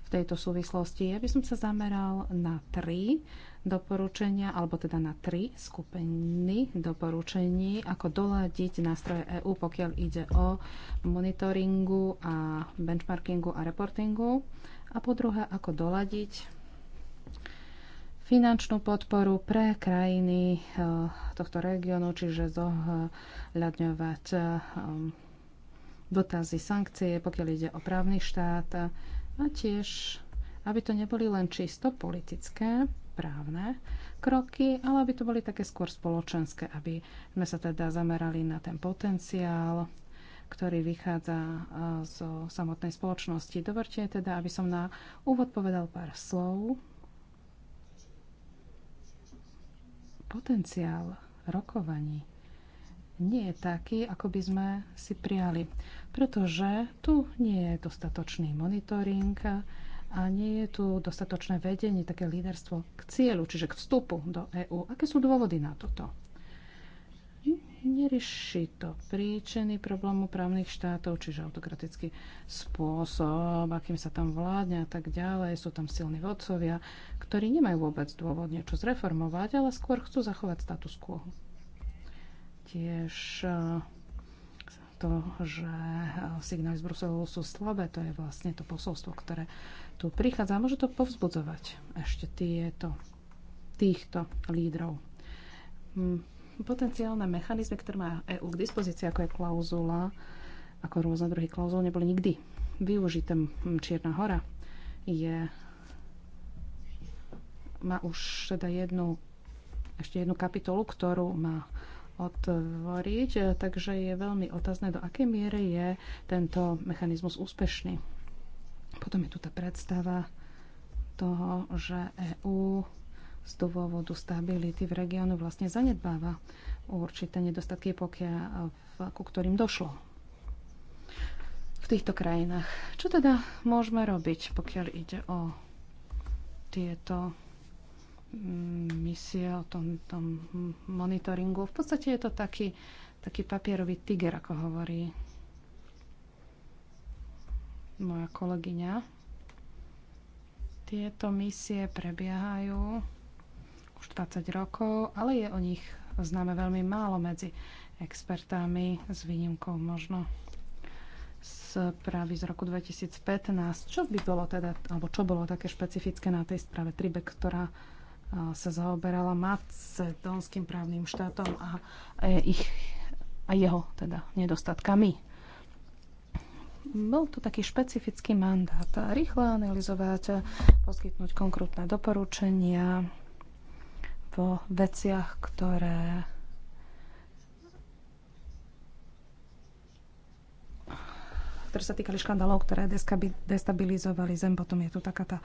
v tejto súvislosti. Ja by som sa zameral na tri doporučenia, alebo teda na tri skupiny doporučení, ako doľadiť nástroje EÚ, pokiaľ ide o monitoringu a benchmarkingu a reportingu. A po druhé, ako doľadiť finančnú podporu pre krajiny eh, tohto regiónu, čiže zohľadňovať eh, dotazy, sankcie, pokiaľ ide o právny štát a tiež, aby to neboli len čisto politické, právne kroky, ale aby to boli také skôr spoločenské, aby sme sa teda zamerali na ten potenciál, ktorý vychádza zo samotnej spoločnosti. Doverte teda, aby som na úvod povedal pár slov. Potenciál rokovaní nie je taký, ako by sme si prijali pretože tu nie je dostatočný monitoring a nie je tu dostatočné vedenie, také líderstvo k cieľu, čiže k vstupu do EÚ. Aké sú dôvody na toto? nerieši to príčiny problému právnych štátov, čiže autokratický spôsob, akým sa tam vládne a tak ďalej. Sú tam silní vodcovia, ktorí nemajú vôbec dôvod niečo zreformovať, ale skôr chcú zachovať status quo. Tiež to, že e, signály z Bruselu sú slabé, to je vlastne to posolstvo, ktoré tu prichádza. Môže to povzbudzovať ešte tieto, týchto lídrov. Mm, potenciálne mechanizmy, ktoré má EU k dispozícii, ako je klauzula, ako rôzne druhy klauzul, neboli nikdy využité. Čierna hora je má už teda jednu, ešte jednu kapitolu, ktorú má otvoriť, e, takže je veľmi otázne, do akej miery je tento mechanizmus úspešný. Potom je tu tá predstava toho, že EÚ z dôvodu stability v regiónu vlastne zanedbáva určité nedostatky, pokia, e, ku ktorým došlo v týchto krajinách. Čo teda môžeme robiť, pokiaľ ide o tieto Mm, misie, o tom, tom monitoringu. V podstate je to taký, taký papierový tiger, ako hovorí moja kolegyňa. Tieto misie prebiehajú už 20 rokov, ale je o nich známe veľmi málo medzi expertami, s výnimkou možno z správy z roku 2015. Čo by bolo teda, alebo čo bolo také špecifické na tej správe tribe ktorá sa zaoberala macedónskym právnym štátom a, ich, a jeho teda nedostatkami. Bol to taký špecifický mandát. Rýchlo analyzovať, poskytnúť konkrétne doporučenia vo veciach, ktoré ktoré sa týkali škandálov, ktoré destabilizovali zem. Potom je tu taká tá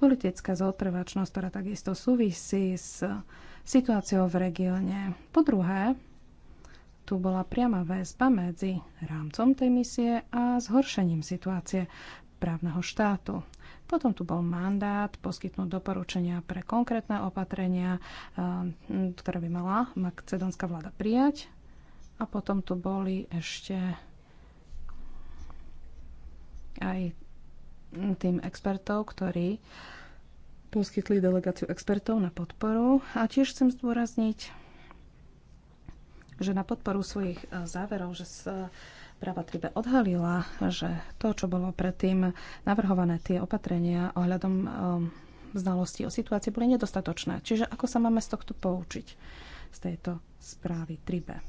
politická zotrvačnosť, ktorá takisto súvisí s situáciou v regióne. Po druhé, tu bola priama väzba medzi rámcom tej misie a zhoršením situácie právneho štátu. Potom tu bol mandát poskytnúť doporučenia pre konkrétne opatrenia, eh, ktoré by mala makcedonská vláda prijať. A potom tu boli ešte aj tým expertov, ktorí poskytli delegáciu expertov na podporu. A tiež chcem zdôrazniť, že na podporu svojich e, záverov, že sa e, práva tribe odhalila, že to, čo bolo predtým navrhované, tie opatrenia ohľadom e, znalostí o situácii boli nedostatočné. Čiže ako sa máme z tohto poučiť, z tejto správy tribe?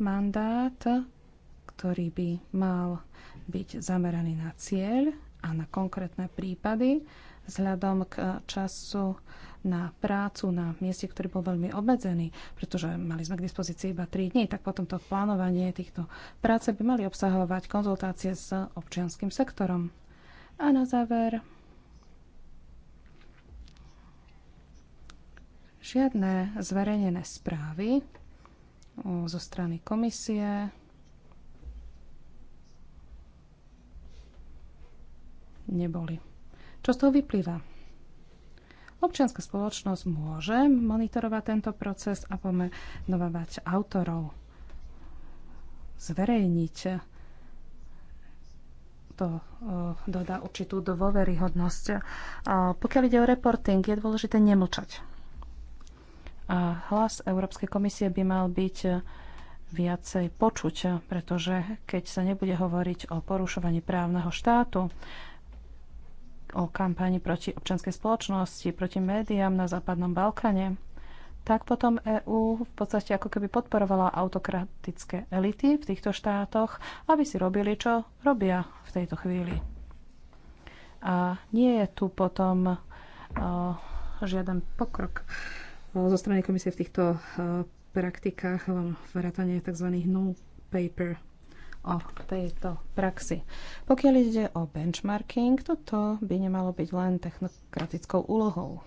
Mandát, ktorý by mal byť zameraný na cieľ a na konkrétne prípady vzhľadom k času na prácu na mieste, ktorý bol veľmi obmedzený, pretože mali sme k dispozícii iba 3 dní, tak potom to plánovanie týchto práce by mali obsahovať konzultácie s občianským sektorom. A na záver žiadne zverejnené správy zo strany komisie, neboli. Čo z toho vyplýva? Občianská spoločnosť môže monitorovať tento proces a pomenovať autorov, zverejniť to dodá určitú dôveryhodnosť. Pokiaľ ide o reporting, je dôležité nemlčať. A hlas Európskej komisie by mal byť viacej počuť, pretože keď sa nebude hovoriť o porušovaní právneho štátu o kampani proti občanskej spoločnosti, proti médiám na Západnom Balkáne, tak potom EÚ v podstate ako keby podporovala autokratické elity v týchto štátoch, aby si robili, čo robia v tejto chvíli. A nie je tu potom o, žiaden pokrok o, zo strany komisie v týchto o, praktikách, vrátanie tzv. no paper o tejto praxi. Pokiaľ ide o benchmarking, toto by nemalo byť len technokratickou úlohou.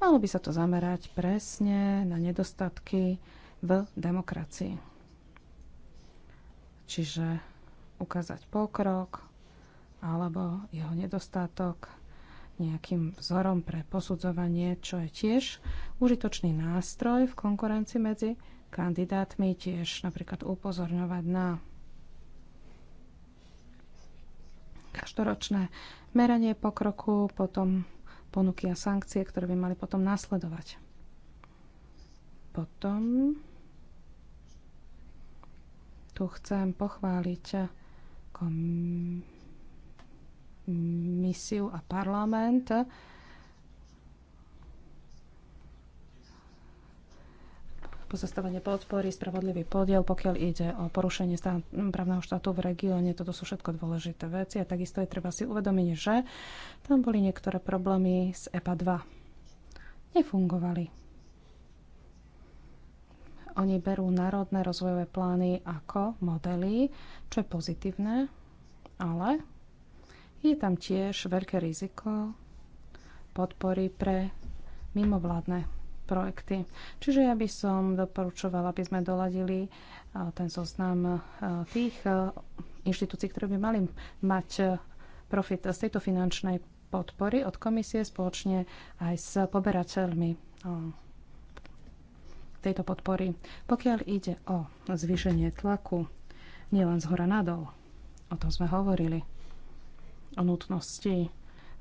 Malo by sa to zamerať presne na nedostatky v demokracii. Čiže ukázať pokrok alebo jeho nedostatok nejakým vzorom pre posudzovanie, čo je tiež užitočný nástroj v konkurencii medzi kandidátmi, tiež napríklad upozorňovať na každoročné meranie pokroku, potom ponuky a sankcie, ktoré by mali potom následovať. Potom tu chcem pochváliť komisiu a parlament, pozastavenie podpory, spravodlivý podiel, pokiaľ ide o porušenie stá- právneho štátu v regióne. Toto sú všetko dôležité veci a takisto je treba si uvedomiť, že tam boli niektoré problémy s EPA 2. Nefungovali. Oni berú národné rozvojové plány ako modely, čo je pozitívne, ale je tam tiež veľké riziko podpory pre mimovládne projekty. Čiže ja by som doporučovala, aby sme doladili eh, ten zoznam eh, tých eh, inštitúcií, ktoré by mali mať profit z tejto finančnej podpory od komisie spoločne aj s poberateľmi tejto podpory. Pokiaľ ide o zvýšenie tlaku, nielen z hora nadol, o tom sme hovorili, o nutnosti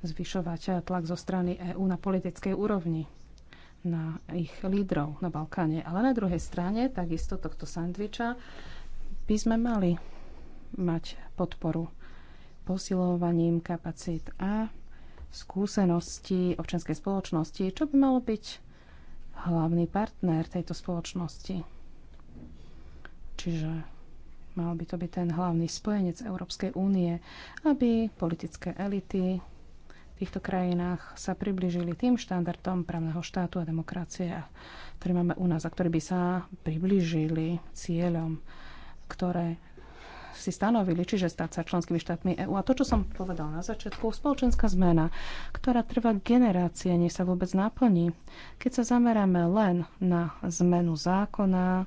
zvyšovať tlak zo strany EÚ na politickej úrovni na ich lídrov na Balkáne. Ale na druhej strane, takisto tohto sandviča, by sme mali mať podporu posilovaním kapacít a skúseností občianskej spoločnosti, čo by malo byť hlavný partner tejto spoločnosti. Čiže mal by to byť ten hlavný spojenec Európskej únie, aby politické elity týchto krajinách sa priblížili tým štandardom právneho štátu a demokracie, ktorý máme u nás a ktorí by sa priblížili cieľom, ktoré si stanovili, čiže stať sa členskými štátmi EÚ. A to, čo som povedal na začiatku, spoločenská zmena, ktorá trvá generácie, nie sa vôbec naplní. Keď sa zameráme len na zmenu zákona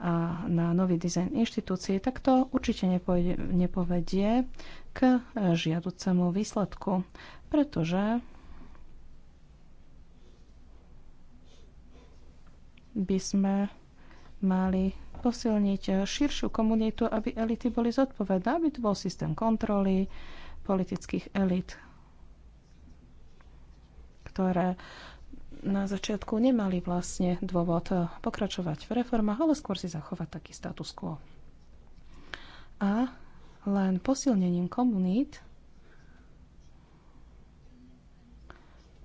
a na nový dizajn inštitúcie, tak to určite nepovedie k žiaducemu výsledku pretože by sme mali posilniť širšiu komunitu, aby elity boli zodpovedné, aby to bol systém kontroly politických elit, ktoré na začiatku nemali vlastne dôvod pokračovať v reformách, ale skôr si zachovať taký status quo. A len posilnením komunít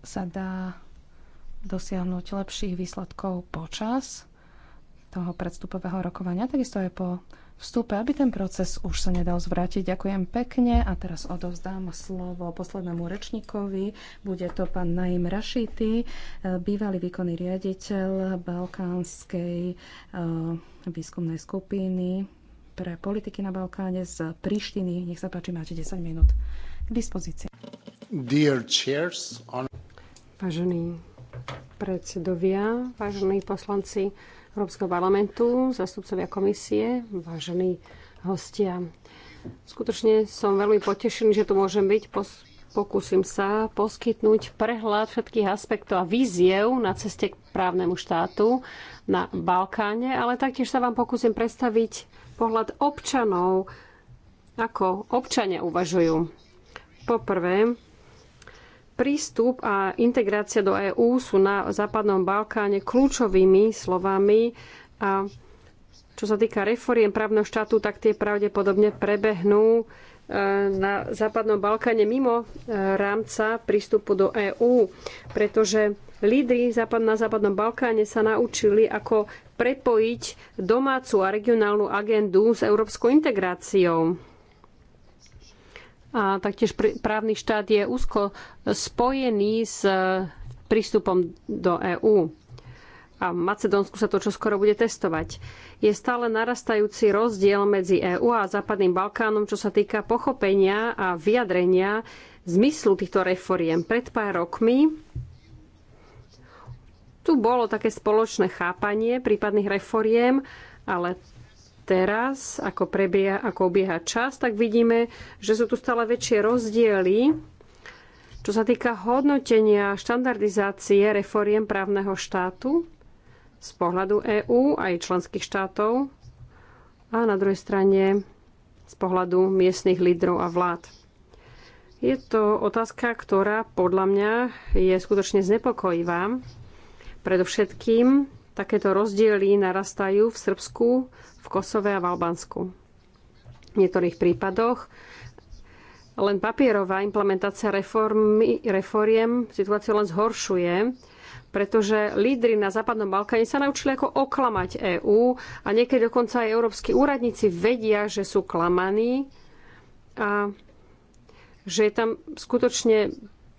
sa dá dosiahnuť lepších výsledkov počas toho predstupového rokovania, takisto aj po vstupe, aby ten proces už sa nedal zvrátiť. Ďakujem pekne a teraz odovzdám slovo poslednému rečníkovi. Bude to pán Naim Rašity, e, bývalý výkonný riaditeľ Balkánskej e, výskumnej skupiny pre politiky na Balkáne z Prištiny. Nech sa páči, máte 10 minút k dispozícii. Dear chairs, on... Vážení predsedovia, vážení poslanci Európskeho parlamentu, zastupcovia komisie, vážení hostia. Skutočne som veľmi potešený, že tu môžem byť. Pokúsim sa poskytnúť prehľad všetkých aspektov a víziev na ceste k právnemu štátu na Balkáne, ale taktiež sa vám pokúsim predstaviť pohľad občanov, ako občania uvažujú. Poprvé, prístup a integrácia do EÚ sú na Západnom Balkáne kľúčovými slovami a čo sa týka reforiem právneho štátu, tak tie pravdepodobne prebehnú e, na Západnom Balkáne mimo e, rámca prístupu do EÚ, pretože lídry na Západnom Balkáne sa naučili, ako prepojiť domácu a regionálnu agendu s európskou integráciou. A taktiež právny štát je úzko spojený s e, prístupom do EÚ. A v Macedónsku sa to čoskoro bude testovať. Je stále narastajúci rozdiel medzi EÚ a Západným Balkánom, čo sa týka pochopenia a vyjadrenia zmyslu týchto reforiem. Pred pár rokmi tu bolo také spoločné chápanie prípadných reforiem, ale teraz, ako, prebieha, ako obieha čas, tak vidíme, že sú tu stále väčšie rozdiely, čo sa týka hodnotenia štandardizácie reforiem právneho štátu z pohľadu EÚ aj členských štátov a na druhej strane z pohľadu miestnych lídrov a vlád. Je to otázka, ktorá podľa mňa je skutočne znepokojivá. Predovšetkým takéto rozdiely narastajú v Srbsku, v Kosove a v Albánsku. V niektorých prípadoch len papierová implementácia reformy, reformiem situáciu len zhoršuje, pretože lídry na Západnom Balkáne sa naučili ako oklamať EÚ a niekedy dokonca aj európsky úradníci vedia, že sú klamaní a že je tam skutočne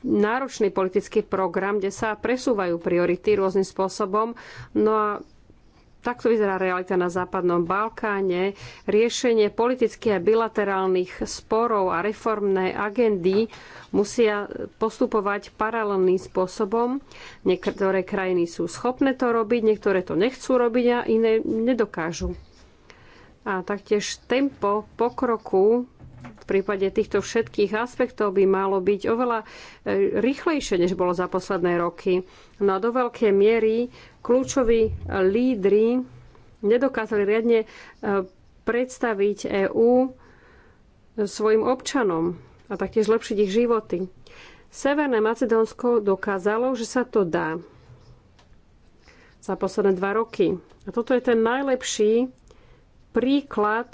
náročný politický program, kde sa presúvajú priority rôznym spôsobom. No a Takto vyzerá realita na Západnom Balkáne. Riešenie politických a bilaterálnych sporov a reformné agendy musia postupovať paralelným spôsobom. Niektoré krajiny sú schopné to robiť, niektoré to nechcú robiť a iné nedokážu. A taktiež tempo pokroku prípade týchto všetkých aspektov by malo byť oveľa e, rýchlejšie, než bolo za posledné roky. No a do veľkej miery kľúčoví lídry nedokázali riadne e, predstaviť EÚ svojim občanom a taktiež zlepšiť ich životy. Severné Macedónsko dokázalo, že sa to dá za posledné dva roky. A toto je ten najlepší príklad,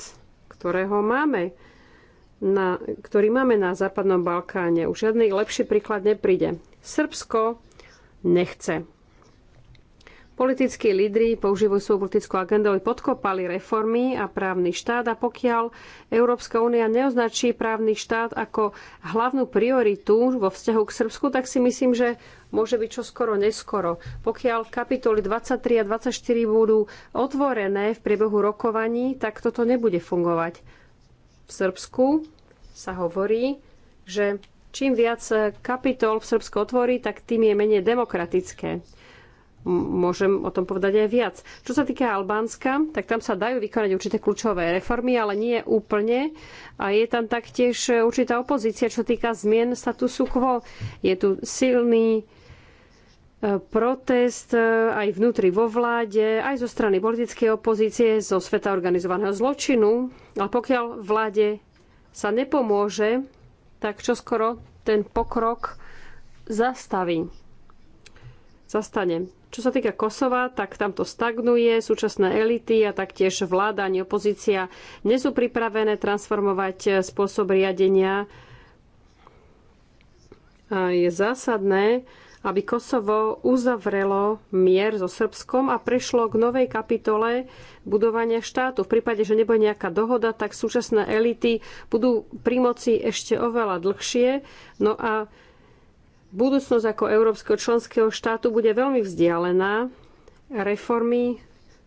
ktorého máme na, ktorý máme na Západnom Balkáne. Už žiadny lepší príklad nepríde. Srbsko nechce. Politickí lídry používajú svoju politickú agendu, aby podkopali reformy a právny štát a pokiaľ Európska únia neoznačí právny štát ako hlavnú prioritu vo vzťahu k Srbsku, tak si myslím, že môže byť čoskoro neskoro. Pokiaľ kapitoly 23 a 24 budú otvorené v priebehu rokovaní, tak toto nebude fungovať v Srbsku sa hovorí, že čím viac kapitol v Srbsku otvorí, tak tým je menej demokratické. Môžem o tom povedať aj viac. Čo sa týka Albánska, tak tam sa dajú vykonať určité kľúčové reformy, ale nie úplne. A je tam taktiež určitá opozícia, čo týka zmien statusu quo. Je tu silný protest eh, aj vnútri vo vláde, aj zo strany politickej opozície, zo sveta organizovaného zločinu. A pokiaľ vláde sa nepomôže, tak čoskoro ten pokrok zastaví. Zastane. Čo sa týka Kosova, tak tam to stagnuje, súčasné elity a taktiež vláda ani opozícia nie sú pripravené transformovať eh, spôsob riadenia. A je zásadné, aby Kosovo uzavrelo mier so Srbskom a prešlo k novej kapitole budovania štátu. V prípade, že nebude nejaká dohoda, tak súčasné elity budú pri moci ešte oveľa dlhšie. No a budúcnosť ako európskeho členského štátu bude veľmi vzdialená. Reformy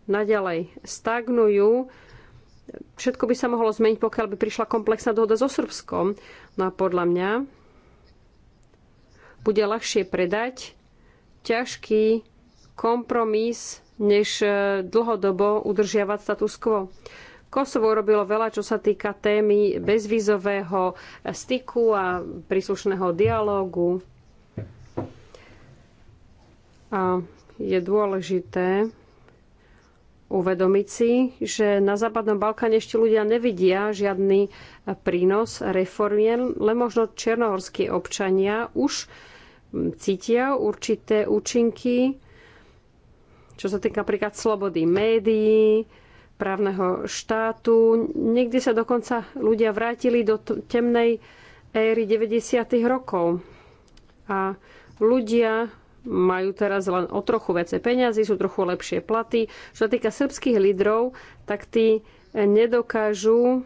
naďalej stagnujú všetko by sa mohlo zmeniť, pokiaľ by prišla komplexná dohoda so Srbskom. No a podľa mňa bude ľahšie predať ťažký kompromis, než e, dlhodobo udržiavať status quo. Kosovo urobilo veľa, čo sa týka témy bezvízového styku a príslušného dialógu. A je dôležité uvedomiť si, že na Západnom Balkáne ešte ľudia nevidia žiadny prínos reformien, len možno černohorskí občania už cítia určité účinky, čo sa týka napríklad slobody médií, právneho štátu. Niekde sa dokonca ľudia vrátili do temnej éry 90. rokov. A ľudia majú teraz len o trochu vece peniazy, sú trochu lepšie platy. Čo sa týka srbských lídrov, tak tí nedokážu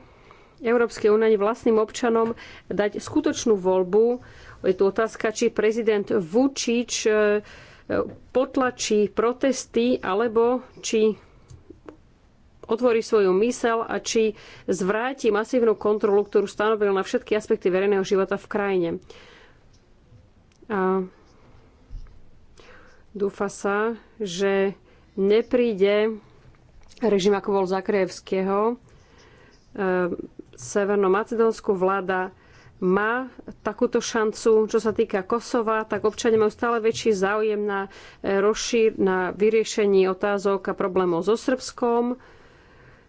Európskej únii vlastným občanom dať skutočnú voľbu je tu otázka, či prezident Vučič e, potlačí protesty, alebo či otvorí svoju mysel a či zvráti masívnu kontrolu, ktorú stanovil na všetky aspekty verejného života v krajine. A dúfa sa, že nepríde režim, ako bol Zakrievského, e, Severno-Macedónsku vláda má takúto šancu. Čo sa týka Kosova, tak občania majú stále väčší záujem na, eh, rozšír, na vyriešení otázok a problémov so Srbskom.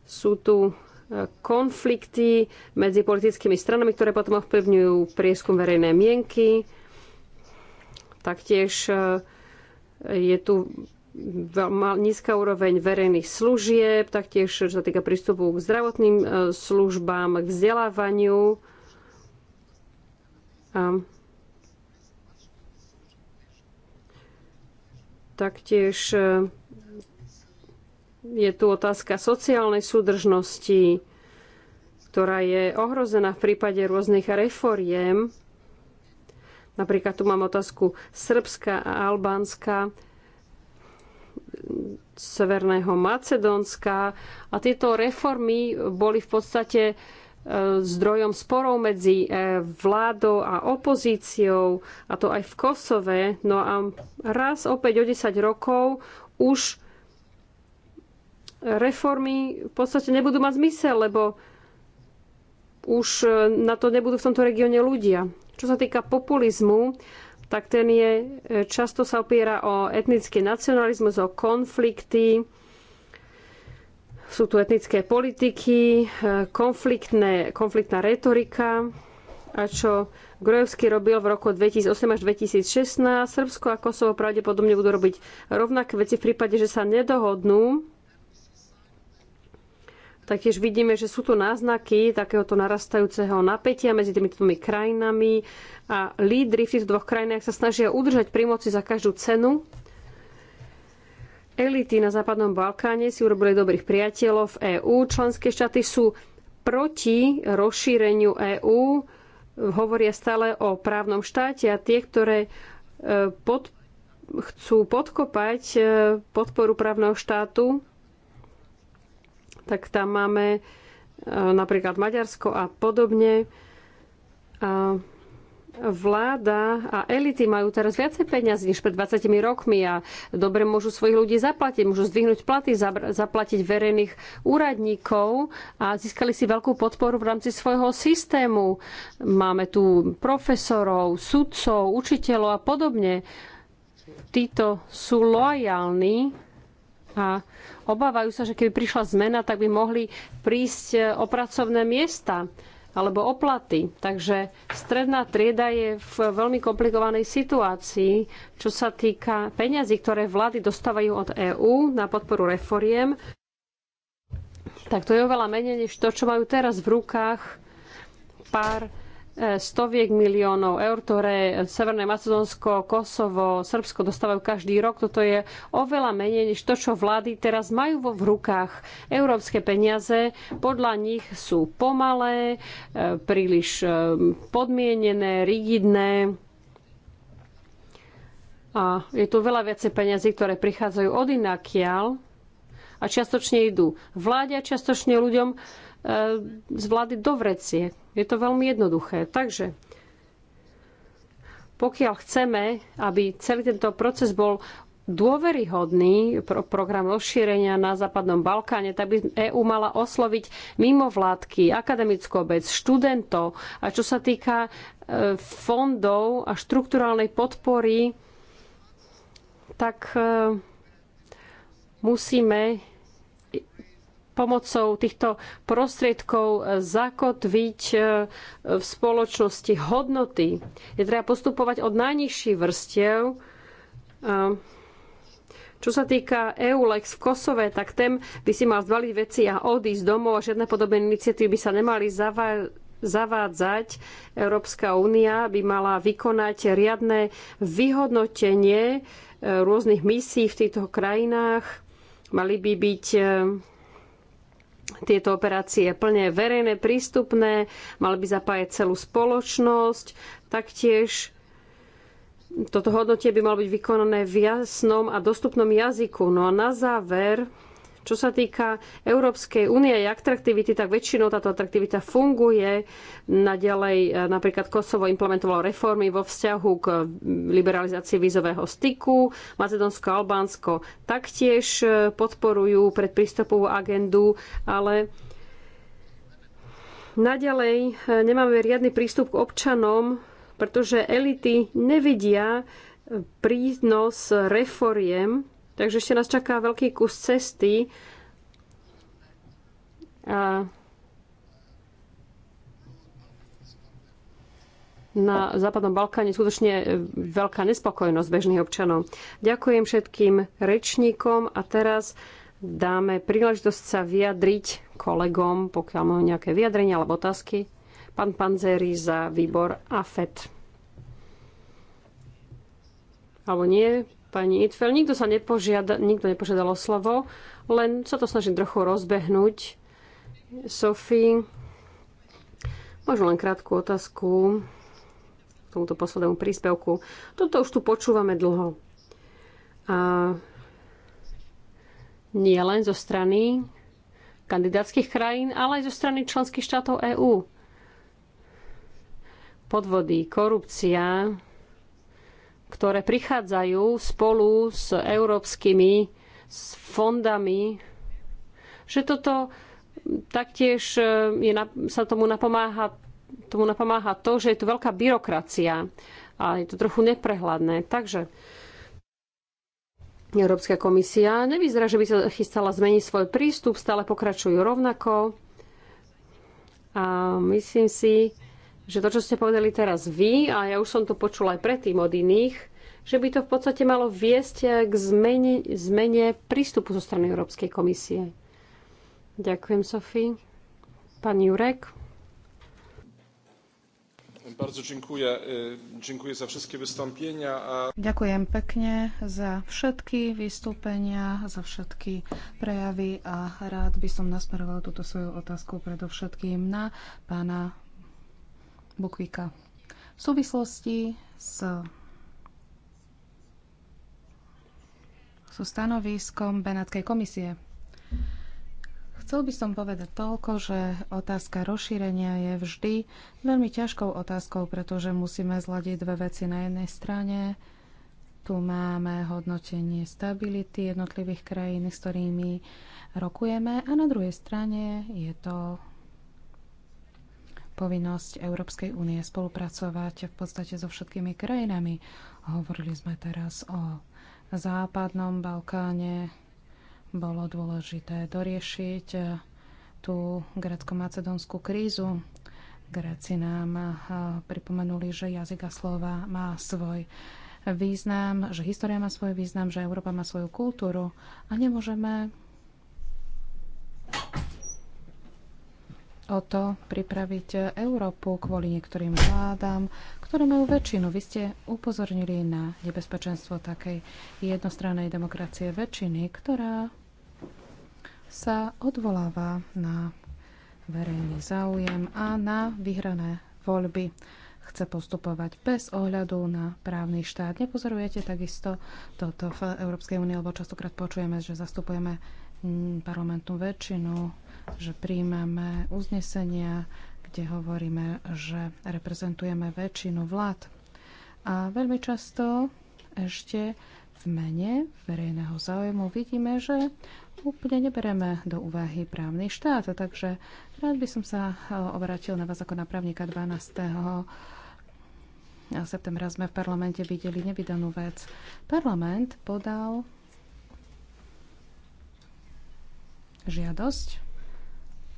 Sú tu eh, konflikty medzi politickými stranami, ktoré potom ovplyvňujú prieskum verejnej mienky. Taktiež eh, je tu veľmi nízka úroveň verejných služieb, taktiež čo sa týka prístupu k zdravotným službám, k vzdelávaniu. Um, taktiež e, je tu otázka sociálnej súdržnosti, ktorá je ohrozená v prípade rôznych reforiem. Napríklad tu mám otázku Srbska a Albánska, Severného Macedónska. A tieto reformy boli v podstate zdrojom sporov medzi e, vládou a opozíciou, a to aj v Kosove. No a raz opäť o 10 rokov už reformy v podstate nebudú mať zmysel, lebo už e, na to nebudú v tomto regióne ľudia. Čo sa týka populizmu, tak ten je, e, často sa opiera o etnický nacionalizmus, o konflikty, sú tu etnické politiky, konfliktné, konfliktná retorika a čo Grojevský robil v roku 2008 až 2016. Srbsko a Kosovo pravdepodobne budú robiť rovnaké veci v prípade, že sa nedohodnú. Taktiež vidíme, že sú tu náznaky takéhoto narastajúceho napätia medzi týmito tými krajinami a lídry v týchto dvoch krajinách sa snažia udržať pri moci za každú cenu. Elity na Západnom Balkáne si urobili dobrých priateľov v EÚ. Členské štáty sú proti rozšíreniu EÚ, hovoria stále o právnom štáte a tie, ktoré e, pod, chcú podkopať e, podporu právneho štátu, tak tam máme e, napríklad Maďarsko a podobne. A vláda a elity majú teraz viacej peniazy než pred 20 rokmi a dobre môžu svojich ľudí zaplatiť, môžu zdvihnúť platy, zaplatiť verejných úradníkov a získali si veľkú podporu v rámci svojho systému. Máme tu profesorov, sudcov, učiteľov a podobne. Títo sú lojálni a obávajú sa, že keby prišla zmena, tak by mohli prísť e, o pracovné miesta alebo oplaty. Takže stredná trieda je v veľmi komplikovanej situácii, čo sa týka peňazí, ktoré vlády dostávajú od EÚ na podporu reforiem. Tak to je oveľa menej než to, čo majú teraz v rukách pár stoviek miliónov eur, ktoré Severné Macedónsko, Kosovo, Srbsko dostávajú každý rok. Toto je oveľa menej než to, čo vlády teraz majú vo v rukách. Európske peniaze podľa nich sú pomalé, e, príliš e, podmienené, rigidné. A je tu veľa viacej peniazy, ktoré prichádzajú od inakiaľ a čiastočne idú vláde a čiastočne ľuďom, z vlády do vrecie. Je to veľmi jednoduché. Takže pokiaľ chceme, aby celý tento proces bol dôveryhodný pro program rozšírenia na Západnom Balkáne, tak by EÚ mala osloviť mimovládky, akademickú obec, študentov. A čo sa týka e, fondov a štrukturálnej podpory, tak e, musíme pomocou týchto prostriedkov zakotviť e, v spoločnosti hodnoty. Je treba postupovať od najnižších vrstiev. Čo sa týka EULEX v Kosove, tak ten by si mal zvaliť veci a odísť domov a žiadne podobné iniciatívy by sa nemali zavádzať. Európska únia by mala vykonať riadne vyhodnotenie e, rôznych misií v týchto krajinách. Mali by byť e, tieto operácie plne verejné, prístupné, mali by zapájať celú spoločnosť, taktiež toto hodnotie by malo byť vykonané v jasnom a dostupnom jazyku. No a na záver čo sa týka Európskej únie a atraktivity, tak väčšinou táto atraktivita funguje. Naďalej e, napríklad Kosovo implementovalo reformy vo vzťahu k liberalizácii vízového styku. Macedónsko a Albánsko taktiež e, podporujú predprístupovú agendu, ale naďalej e, nemáme riadny prístup k občanom, pretože elity nevidia prínos reforiem Takže ešte nás čaká veľký kus cesty. A na Západnom Balkáne skutočne veľká nespokojnosť bežných občanov. Ďakujem všetkým rečníkom a teraz dáme príležitosť sa vyjadriť kolegom, pokiaľ majú nejaké vyjadrenia alebo otázky. Pán Panzeri za výbor AFET. Alebo nie, pani Itfel. Nikto sa nepožiada, nikto nepožiadal o slovo, len sa to snažím trochu rozbehnúť. Sofie, možno len krátku otázku k tomuto poslednému príspevku. Toto už tu počúvame dlho. A nie len zo strany kandidátskych krajín, ale aj zo strany členských štátov EÚ. Podvody, korupcia, ktoré prichádzajú spolu s európskymi s fondami, že toto taktiež e, je, sa tomu napomáha, tomu napomáha to, že je tu veľká byrokracia a je to trochu neprehľadné. Takže Európska komisia nevyzerá, že by sa chystala zmeniť svoj prístup, stále pokračujú rovnako. A myslím si, že to, čo ste povedali teraz vy, a ja už som to počula aj predtým od iných, že by to v podstate malo viesť k zmene, zmene prístupu zo strany Európskej komisie. Ďakujem, Sofie. Pán Jurek. Bardzo dziękuję. Dziękuję za wszystkie wystąpienia. A... Ďakujem pekne za všetky wystąpienia, za všetky prejavy a rád by som nasmeroval túto svoju otázku predovšetkým na pana. Bukvika. V súvislosti s so stanoviskom Benátskej komisie. Chcel by som povedať toľko, že otázka rozšírenia je vždy veľmi ťažkou otázkou, pretože musíme zladiť dve veci na jednej strane. Tu máme hodnotenie stability jednotlivých krajín, s ktorými rokujeme a na druhej strane je to povinnosť Európskej únie spolupracovať v podstate so všetkými krajinami. Hovorili sme teraz o západnom Balkáne. Bolo dôležité doriešiť tú grecko-macedónskú krízu. Gréci nám eh, pripomenuli, že jazyk a slova má svoj význam, že história má svoj význam, že Európa má svoju kultúru a nemôžeme o to pripraviť Európu kvôli niektorým vládám, ktoré majú väčšinu. Vy ste upozornili na nebezpečenstvo takej jednostrannej demokracie väčšiny, ktorá sa odvoláva na verejný záujem a na vyhrané voľby. Chce postupovať bez ohľadu na právny štát. Nepozorujete takisto toto v Európskej únii, lebo častokrát počujeme, že zastupujeme parlamentnú väčšinu že príjmame uznesenia, kde hovoríme, že reprezentujeme väčšinu vlád. A veľmi často ešte v mene verejného záujmu vidíme, že úplne nebereme do úvahy právny štát. Takže rád by som sa e, obrátil na vás ako na právnika 12. septembra sme v parlamente videli nevydanú vec. Parlament podal žiadosť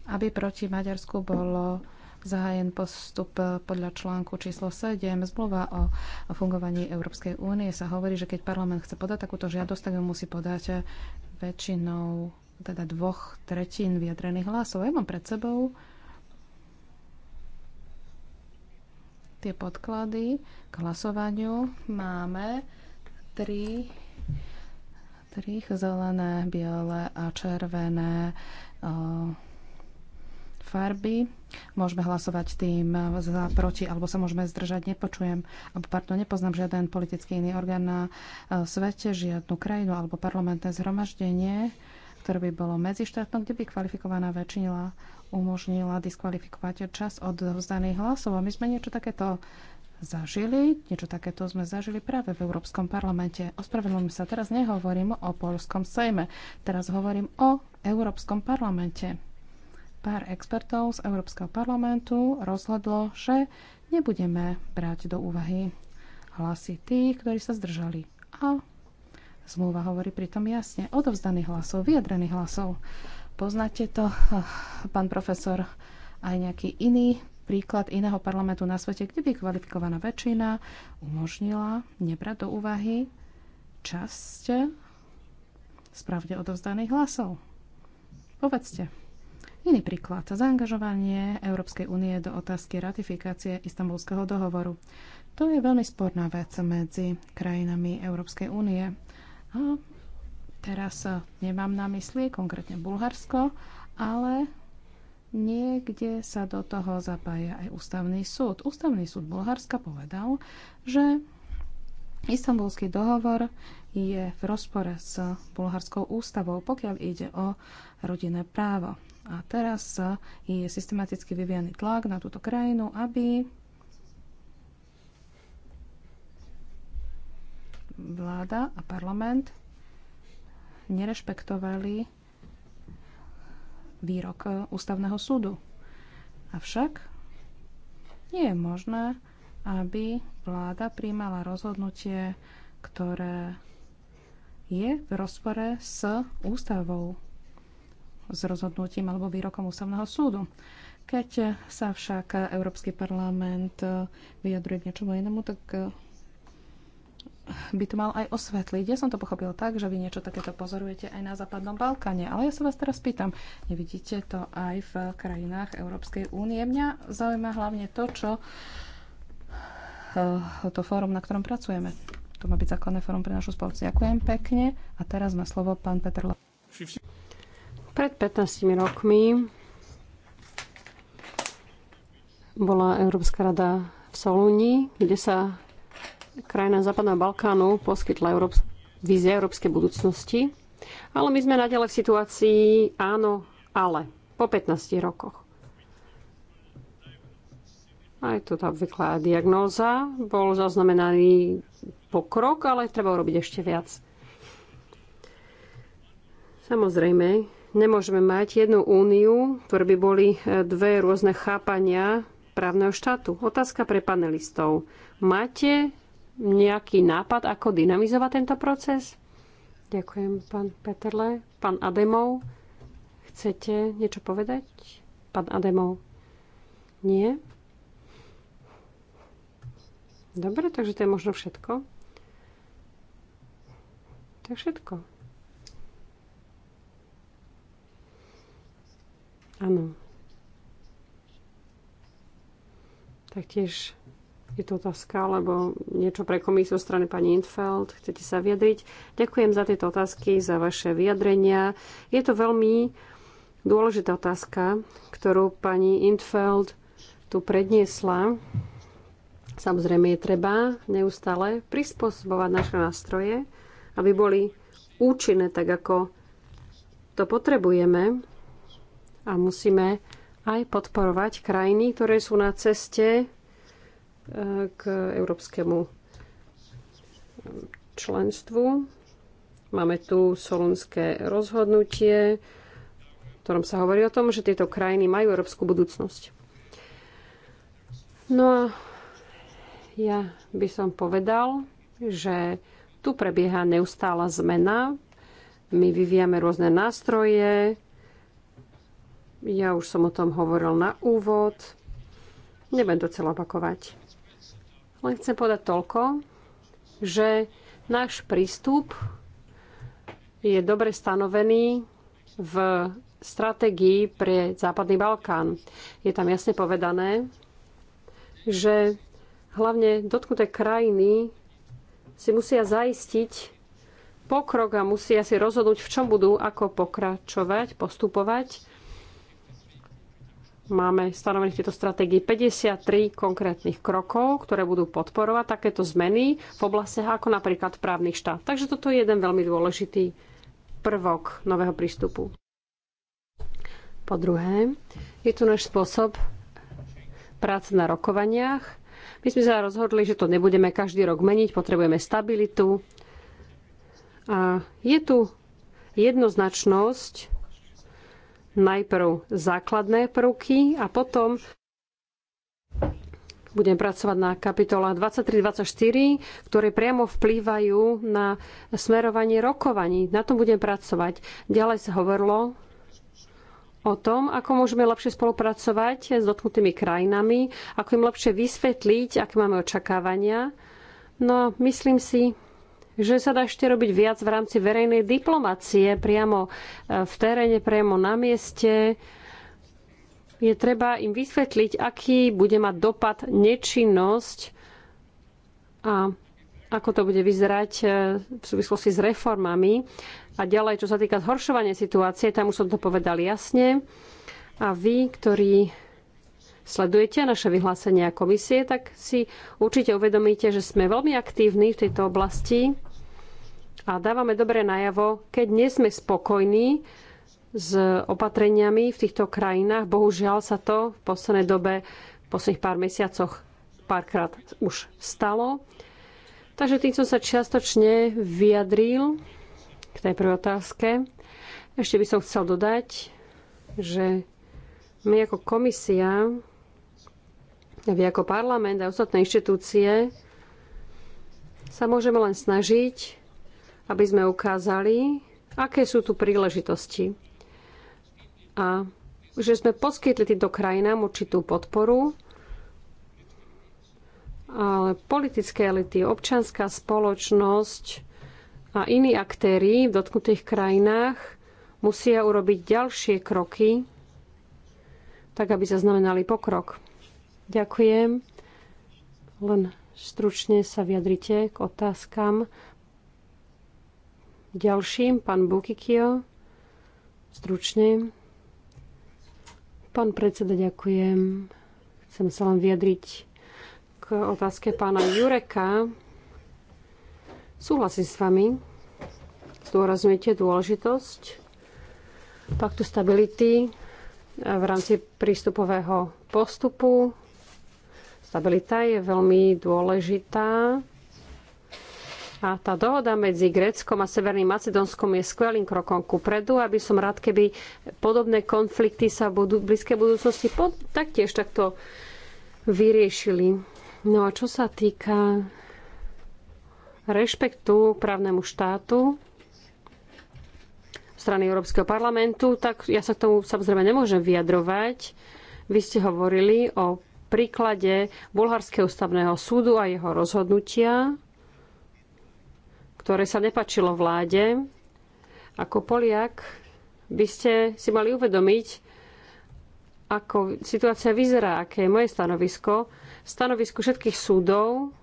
aby proti Maďarsku bolo zahájen postup podľa článku číslo 7 zmluva o fungovaní Európskej únie sa hovorí, že keď parlament chce podať takúto žiadosť, tak ju musí podať väčšinou teda dvoch tretín vyjadrených hlasov. Ja mám pred sebou tie podklady k hlasovaniu. Máme tri, tri zelené, biele a červené uh, farby. Môžeme hlasovať tým za, proti, alebo sa môžeme zdržať. Nepočujem, alebo pardon, nepoznám žiaden politický iný orgán na e, svete, žiadnu krajinu alebo parlamentné zhromaždenie, ktoré by bolo medzištátno, kde by kvalifikovaná väčšina umožnila diskvalifikovať čas od vzdaných hlasov. A my sme niečo takéto zažili. Niečo takéto sme zažili práve v Európskom parlamente. Ospravedlňujem sa, teraz nehovorím o Polskom sejme, teraz hovorím o Európskom parlamente pár expertov z Európskeho parlamentu rozhodlo, že nebudeme brať do úvahy hlasy tých, ktorí sa zdržali. A zmluva hovorí pritom jasne odovzdaných hlasov, vyjadrených hlasov. Poznáte to, pán profesor, aj nejaký iný príklad iného parlamentu na svete, kde by kvalifikovaná väčšina umožnila nebrať do úvahy časť spravde odovzdaných hlasov. Povedzte. Iný príklad. Zaangažovanie Európskej únie do otázky ratifikácie Istanbulského dohovoru. To je veľmi sporná vec medzi krajinami Európskej únie. A teraz nemám na mysli konkrétne Bulharsko, ale niekde sa do toho zapája aj ústavný súd. Ústavný súd Bulharska povedal, že Istanbulský dohovor je v rozpore s Bulharskou ústavou, pokiaľ ide o rodinné právo. A teraz e, je systematicky vyvíjaný tlak na túto krajinu, aby vláda a parlament nerešpektovali výrok e, ústavného súdu. Avšak nie je možné, aby vláda príjmala rozhodnutie, ktoré je v rozpore s ústavou s rozhodnutím alebo výrokom ústavného súdu. Keď sa však Európsky parlament vyjadruje k niečomu inému, tak eh, by to mal aj osvetliť. Ja som to pochopil tak, že vy niečo takéto pozorujete aj na Západnom Balkáne. Ale ja sa vás teraz pýtam, nevidíte to aj v krajinách Európskej únie? Mňa zaujíma hlavne to, čo eh, to fórum, na ktorom pracujeme. To má byť základné fórum pre našu spoločnosť. Ďakujem pekne. A teraz má slovo pán Petr Lo. Pred 15 rokmi bola Európska rada v Solúni, kde sa krajina Západného Balkánu poskytla Európs- vízia európskej budúcnosti. Ale my sme naďalej v situácii áno, ale po 15 rokoch. Aj tu tá obvyklá diagnóza. Bol zaznamenaný pokrok, ale treba urobiť ešte viac. Samozrejme, Nemôžeme mať jednu úniu, ktoré by boli e, dve rôzne chápania právneho štátu. Otázka pre panelistov. Máte nejaký nápad, ako dynamizovať tento proces? Ďakujem, pán Peterle. Pán Ademov, chcete niečo povedať? Pán Ademov? Nie? Dobre, takže to je možno všetko. To je všetko. Áno. Taktiež je to otázka, alebo niečo pre komisiu strany pani Infeld. Chcete sa vyjadriť? Ďakujem za tieto otázky, za vaše vyjadrenia. Je to veľmi dôležitá otázka, ktorú pani Infeld tu predniesla. Samozrejme je treba neustále prispôsobovať naše nástroje, aby boli účinné tak, ako to potrebujeme a musíme aj podporovať krajiny, ktoré sú na ceste e, k európskemu členstvu. Máme tu solunské rozhodnutie, v ktorom sa hovorí o tom, že tieto krajiny majú európsku budúcnosť. No a ja by som povedal, že tu prebieha neustála zmena. My vyvíjame rôzne nástroje, ja už som o tom hovoril na úvod. Nebudem to celé opakovať. Len chcem povedať toľko, že náš prístup je dobre stanovený v stratégii pre Západný Balkán. Je tam jasne povedané, že hlavne dotknuté krajiny si musia zaistiť pokrok a musia si rozhodnúť, v čom budú ako pokračovať, postupovať máme stanovených v tejto stratégii 53 konkrétnych krokov, ktoré budú podporovať takéto zmeny v oblastiach ako napríklad právny štát. Takže toto je jeden veľmi dôležitý prvok nového prístupu. Po druhé, je tu náš spôsob práce na rokovaniach. My sme sa rozhodli, že to nebudeme každý rok meniť, potrebujeme stabilitu. A je tu jednoznačnosť najprv základné prvky a potom budem pracovať na kapitolách 23-24, ktoré priamo vplývajú na smerovanie rokovaní. Na tom budem pracovať. Ďalej sa hovorilo o tom, ako môžeme lepšie spolupracovať s dotknutými krajinami, ako im lepšie vysvetliť, aké máme očakávania. No myslím si, že sa dá ešte robiť viac v rámci verejnej diplomácie, priamo e, v teréne, priamo na mieste. Je treba im vysvetliť, aký bude mať dopad nečinnosť a ako to bude vyzerať e, v súvislosti s reformami. A ďalej, čo sa týka zhoršovania situácie, tam už som to povedal jasne. A vy, ktorí sledujete naše vyhlásenia komisie, tak si určite uvedomíte, že sme veľmi aktívni v tejto oblasti a dávame dobre najavo, keď nie sme spokojní s opatreniami v týchto krajinách. Bohužiaľ sa to v poslednej dobe, v posledných pár mesiacoch párkrát už stalo. Takže tým som sa čiastočne vyjadril k tej prvej otázke. Ešte by som chcel dodať, že my ako komisia vy ako parlament a ostatné inštitúcie sa môžeme len snažiť, aby sme ukázali, aké sú tu príležitosti. A že sme poskytli týmto krajinám určitú podporu, ale politické elity, občanská spoločnosť a iní aktéry v dotknutých krajinách musia urobiť ďalšie kroky, tak aby zaznamenali pokrok. Ďakujem. Len stručne sa vyjadrite k otázkam. Ďalším, pán Bukikio. Stručne. Pán predseda, ďakujem. Chcem sa len vyjadriť k otázke pána Jureka. Súhlasím s vami. Zdôrazňujete dôležitosť paktu stability v rámci prístupového postupu Stabilita je veľmi dôležitá. A tá dohoda medzi Gréckom a Severným Macedónskom je skvelým krokom ku predu, aby som rád, keby podobné konflikty sa budú, v blízkej budúcnosti pod, taktiež takto vyriešili. No a čo sa týka rešpektu právnemu štátu strany Európskeho parlamentu, tak ja sa k tomu samozrejme nemôžem vyjadrovať. Vy ste hovorili o príklade Bulharského ústavného súdu a jeho rozhodnutia, ktoré sa nepačilo vláde, ako Poliak by ste si mali uvedomiť, ako situácia vyzerá, aké je moje stanovisko. Stanovisko všetkých súdov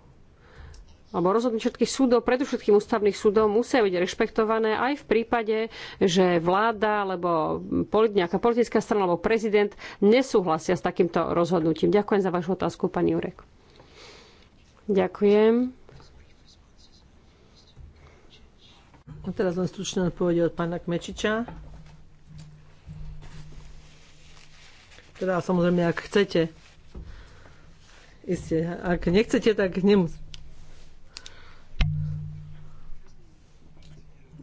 alebo rozhodnutia všetkých súdov, predovšetkým ústavných súdov, musia byť rešpektované aj v prípade, že vláda alebo nejaká politická strana alebo prezident nesúhlasia s takýmto rozhodnutím. Ďakujem za vašu otázku, pani Jurek. Ďakujem. A teraz len stručné odpovede od pána Kmečiča. Teda samozrejme, ak chcete. Isté, ak nechcete, tak nemusíte.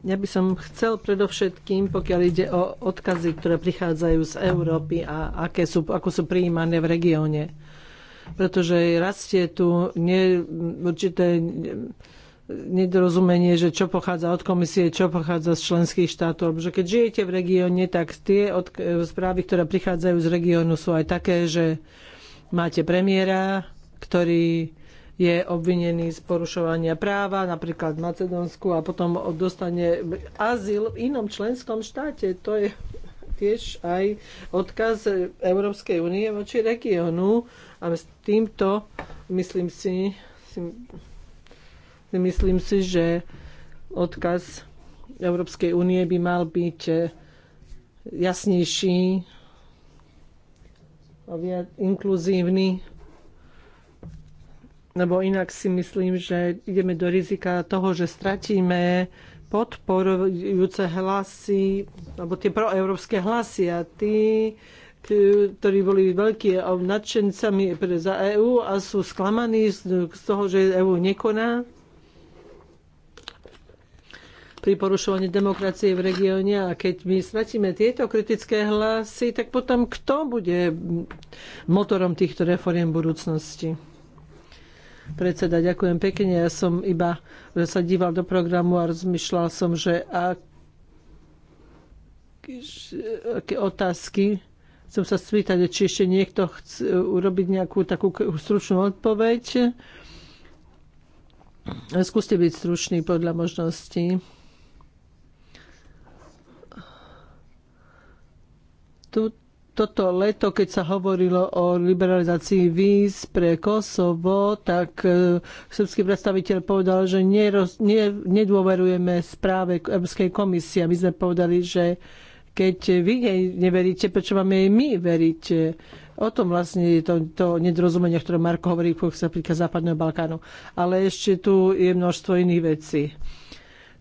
Ja by som chcel predovšetkým, pokiaľ ide o odkazy, ktoré prichádzajú z Európy a aké sú, ako sú prijímané v regióne. Pretože rastie tu nie, určité nedorozumenie, že čo pochádza od komisie, čo pochádza z členských štátov. že keď žijete v regióne, tak tie od, správy, ktoré prichádzajú z regiónu, sú aj také, že máte premiéra, ktorý je obvinený z porušovania práva, napríklad v Macedónsku, a potom dostane azyl v inom členskom štáte. To je tiež aj odkaz Európskej únie voči regiónu. A s týmto myslím si, si, myslím si, že odkaz Európskej únie by mal byť jasnejší a viac inkluzívny lebo inak si myslím, že ideme do rizika toho, že stratíme podporujúce hlasy, alebo tie proeurópske hlasy a tí, ktorí boli veľkí nadšencami za EÚ a sú sklamaní z toho, že EÚ nekoná pri porušovaní demokracie v regióne a keď my stratíme tieto kritické hlasy, tak potom kto bude motorom týchto reforiem budúcnosti? Predseda, ďakujem pekne. Ja som iba sa díval do programu a rozmýšľal som, že ak, aké otázky som sa spýtať, či ešte niekto chce urobiť nejakú takú stručnú odpoveď. Skúste byť stručný podľa možností. Tu toto leto, keď sa hovorilo o liberalizácii víz pre Kosovo, tak e, srbský predstaviteľ povedal, že neroz, ne, nedôverujeme správe Európskej komisie. My sme povedali, že keď vy jej neveríte, prečo máme jej my veriť? O tom vlastne je to, to nedorozumenie, ktoré Marko hovorí, sa týka Západného Balkánu. Ale ešte tu je množstvo iných vecí.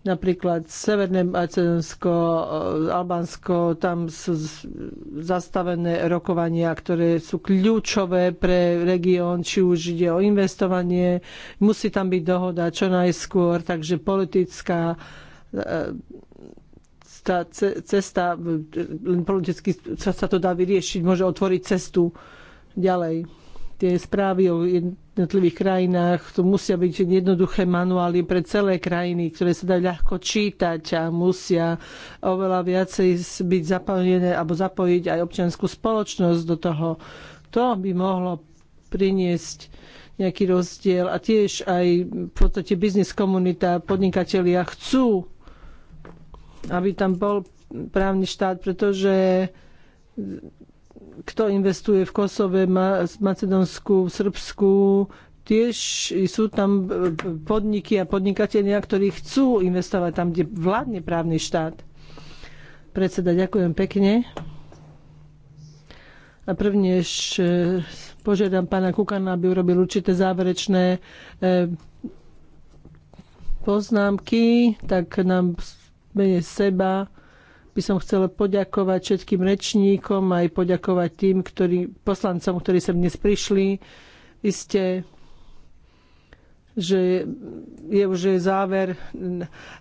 Napríklad Severné Macedónsko, eh, Albánsko, tam sú zastavené rokovania, ktoré sú kľúčové pre región, či už ide o investovanie, musí tam byť dohoda čo najskôr, takže politická eh, tá cesta, eh, politicky sa to dá vyriešiť, môže otvoriť cestu ďalej tie správy o jednotlivých krajinách, to musia byť jednoduché manuály pre celé krajiny, ktoré sa dá ľahko čítať a musia oveľa viacej byť zapojené alebo zapojiť aj občianskú spoločnosť do toho. To by mohlo priniesť nejaký rozdiel a tiež aj v podstate biznis komunita, podnikatelia chcú, aby tam bol právny štát, pretože kto investuje v Kosove, Macedónsku, Srbsku, tiež sú tam e, podniky a podnikatelia, ktorí chcú investovať tam, kde vládne právny štát. Predseda, ďakujem pekne. A prvnež požiadam pána Kukana, aby urobil určité záverečné e, poznámky, tak nám menej seba by som chcela poďakovať všetkým rečníkom, aj poďakovať tým ktorý, poslancom, ktorí sem dnes prišli. Iste, že je už záver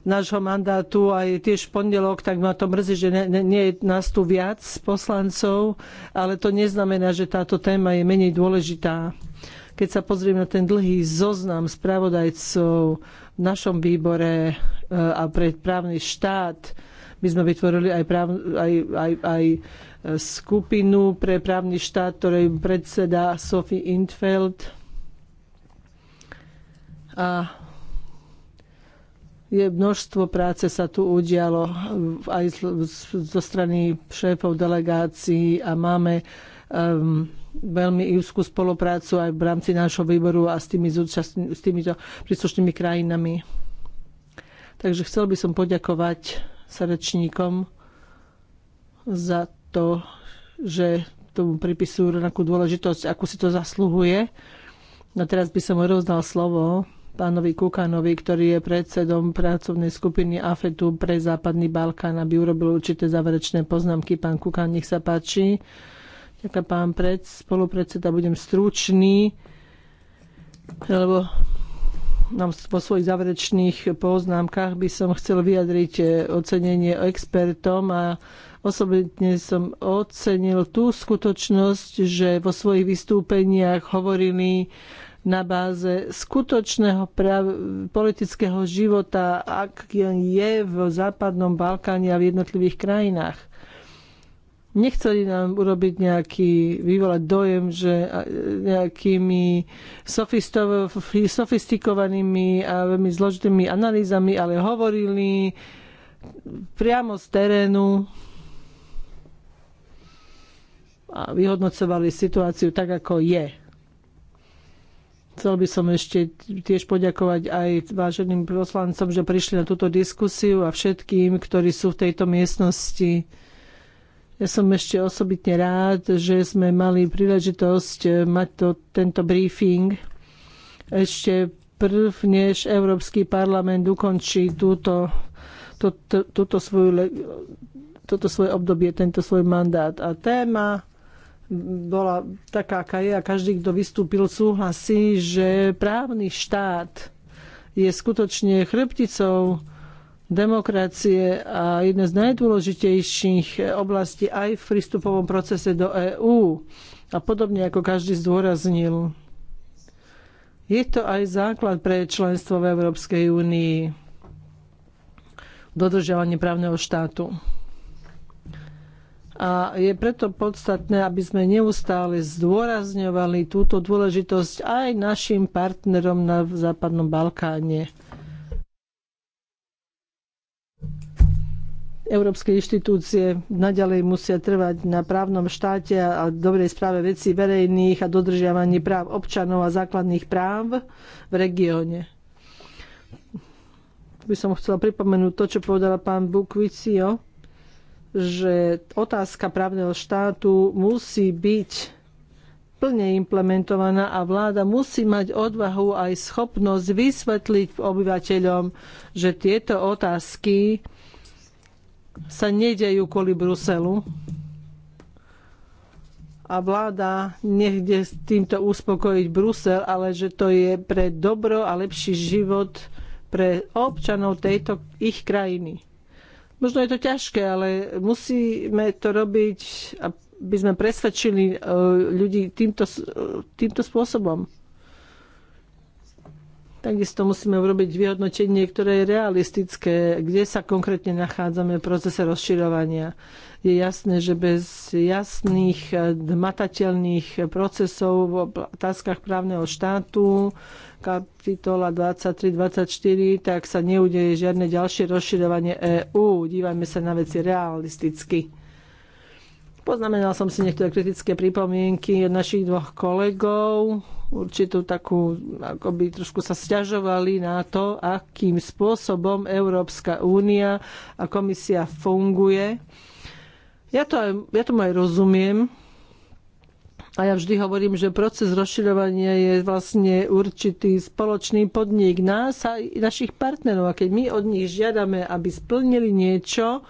nášho mandátu a je tiež v pondelok, tak ma to mrzí, že ne, ne, nie je nás tu viac poslancov, ale to neznamená, že táto téma je menej dôležitá keď sa pozriem na ten dlhý zoznam spravodajcov v našom výbore e, a pre právny štát, my sme vytvorili aj, práv, aj, aj, aj e, skupinu pre právny štát, ktorej predseda Sophie Intfeld. A je množstvo práce sa tu udialo e, aj zo strany šéfov delegácií a máme um, veľmi úzkú spoluprácu aj v rámci nášho výboru a s, tými, s týmito príslušnými krajinami. Takže chcel by som poďakovať srdečníkom za to, že tomu pripisujú rovnakú dôležitosť, ako si to zasluhuje. No teraz by som rozdal slovo pánovi Kukanovi, ktorý je predsedom pracovnej skupiny AFETu pre Západný Balkán, aby urobil určité záverečné poznámky. Pán Kukan, nech sa páči. Ďakujem, pán pred, spolupredseda, budem stručný, lebo vo svojich záverečných poznámkach by som chcel vyjadriť eh, ocenenie expertom a osobitne som ocenil tú skutočnosť, že vo svojich vystúpeniach hovorili na báze skutočného politického života, ak je v západnom Balkáne a v jednotlivých krajinách nechceli nám urobiť nejaký, vyvolať dojem, že nejakými sofistikovanými a veľmi zložitými analýzami, ale hovorili priamo z terénu a vyhodnocovali situáciu tak, ako je. Chcel by som ešte tiež poďakovať aj váženým poslancom, že prišli na túto diskusiu a všetkým, ktorí sú v tejto miestnosti. Ja som ešte osobitne rád, že sme mali príležitosť eh, mať to, tento briefing ešte prv, než Európsky parlament ukončí túto, to, to, túto svoju, toto svoje obdobie, tento svoj mandát. A téma bola taká, aká je a každý, kto vystúpil, súhlasí, že právny štát je skutočne chrbticou demokracie a jedna z najdôležitejších oblastí aj v prístupovom procese do EÚ. A podobne ako každý zdôraznil, je to aj základ pre členstvo v Európskej únii, dodržiavanie právneho štátu. A je preto podstatné, aby sme neustále zdôrazňovali túto dôležitosť aj našim partnerom na Západnom Balkáne. Európske inštitúcie naďalej musia trvať na právnom štáte a dobrej správe vecí verejných a dodržiavaní práv občanov a základných práv v regióne. By som chcela pripomenúť to, čo povedala pán Bukvicio, že otázka právneho štátu musí byť plne implementovaná a vláda musí mať odvahu aj schopnosť vysvetliť obyvateľom, že tieto otázky sa nedejú kvôli Bruselu a vláda nechde s týmto uspokojiť Brusel, ale že to je pre dobro a lepší život pre občanov tejto ich krajiny. Možno je to ťažké, ale musíme to robiť, aby sme presvedčili e, ľudí týmto, e, týmto spôsobom. Takisto musíme urobiť vyhodnotenie, ktoré je realistické, kde sa konkrétne nachádzame v procese rozširovania. Je jasné, že bez jasných, e, matateľných procesov v otázkach právneho štátu, kapitola 23-24, tak sa neudeje žiadne ďalšie rozširovanie EÚ. Dívajme sa na veci realisticky. Poznamenal som si niektoré kritické pripomienky od našich dvoch kolegov určitú takú, ako by trošku sa stiažovali na to, akým spôsobom Európska únia a komisia funguje. Ja, to aj, ja tomu aj rozumiem. A ja vždy hovorím, že proces rozširovania je vlastne určitý spoločný podnik nás a našich partnerov. A keď my od nich žiadame, aby splnili niečo,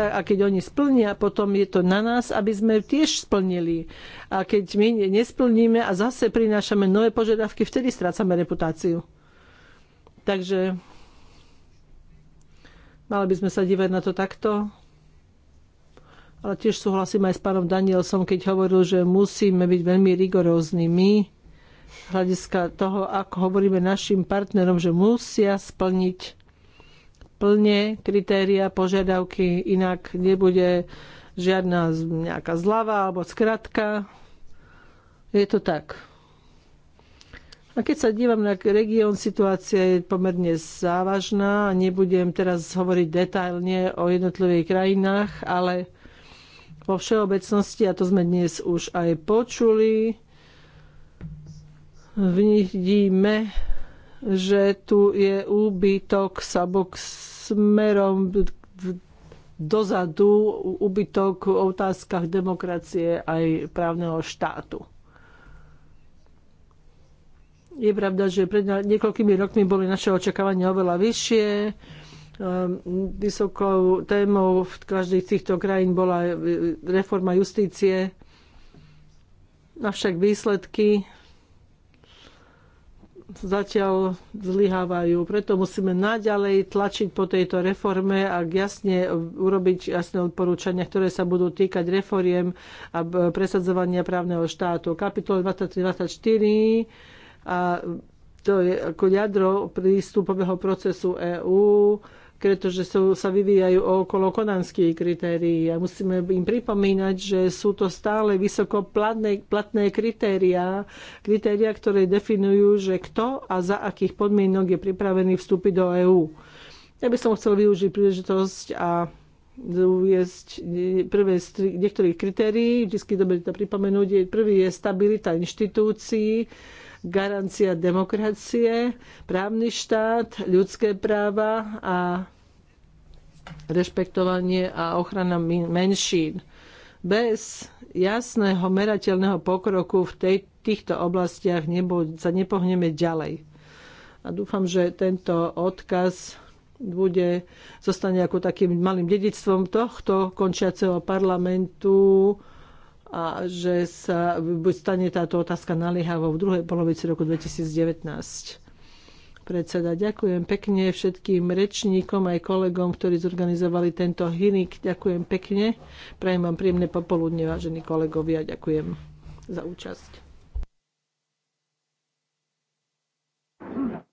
a keď oni splnia, potom je to na nás, aby sme tiež splnili. A keď my nesplníme a zase prinášame nové požiadavky, vtedy strácame reputáciu. Takže mali by sme sa dívať na to takto. Ale tiež súhlasím aj s pánom Danielsom, keď hovoril, že musíme byť veľmi my, hľadiska toho, ako hovoríme našim partnerom, že musia splniť plne kritéria, požiadavky, inak nebude žiadna nejaká zlava alebo skratka. Je to tak. A keď sa dívam na región, situácia je pomerne závažná. Nebudem teraz hovoriť detailne o jednotlivých krajinách, ale vo všeobecnosti, a to sme dnes už aj počuli, vidíme, že tu je úbytok sabox smerom dozadu ubytok v otázkach demokracie aj právneho štátu. Je pravda, že pred niekoľkými rokmi boli naše očakávania oveľa vyššie. Ehm, vysokou témou v každej z týchto krajín bola e, e, reforma justície. Avšak výsledky zatiaľ zlyhávajú. Preto musíme naďalej tlačiť po tejto reforme a jasne urobiť jasné odporúčania, ktoré sa budú týkať reforiem a presadzovania právneho štátu. Kapitol 23-24 a to je ako jadro prístupového procesu EÚ pretože sú, sa vyvíjajú okolo konanských kritérií. A musíme im pripomínať, že sú to stále vysoko platné, platné kritéria, kritéria, ktoré definujú, že kto a za akých podmienok je pripravený vstúpiť do EÚ. Ja by som chcel využiť príležitosť a uviezť prvé z niektorých kritérií, vždy dobre to pripomenúť. Prvý je stabilita inštitúcií, garancia demokracie, právny štát, ľudské práva a rešpektovanie a ochrana menšín. Bez jasného merateľného pokroku v tej, týchto oblastiach nebo, sa nepohneme ďalej. A dúfam, že tento odkaz bude, zostane ako takým malým dedictvom tohto končiaceho parlamentu a že sa stane táto otázka naliehavo v druhej polovici roku 2019 predseda. Ďakujem pekne všetkým rečníkom aj kolegom, ktorí zorganizovali tento hinik. Ďakujem pekne. Prajem vám príjemné popoludne, vážení kolegovia. Ďakujem za účasť.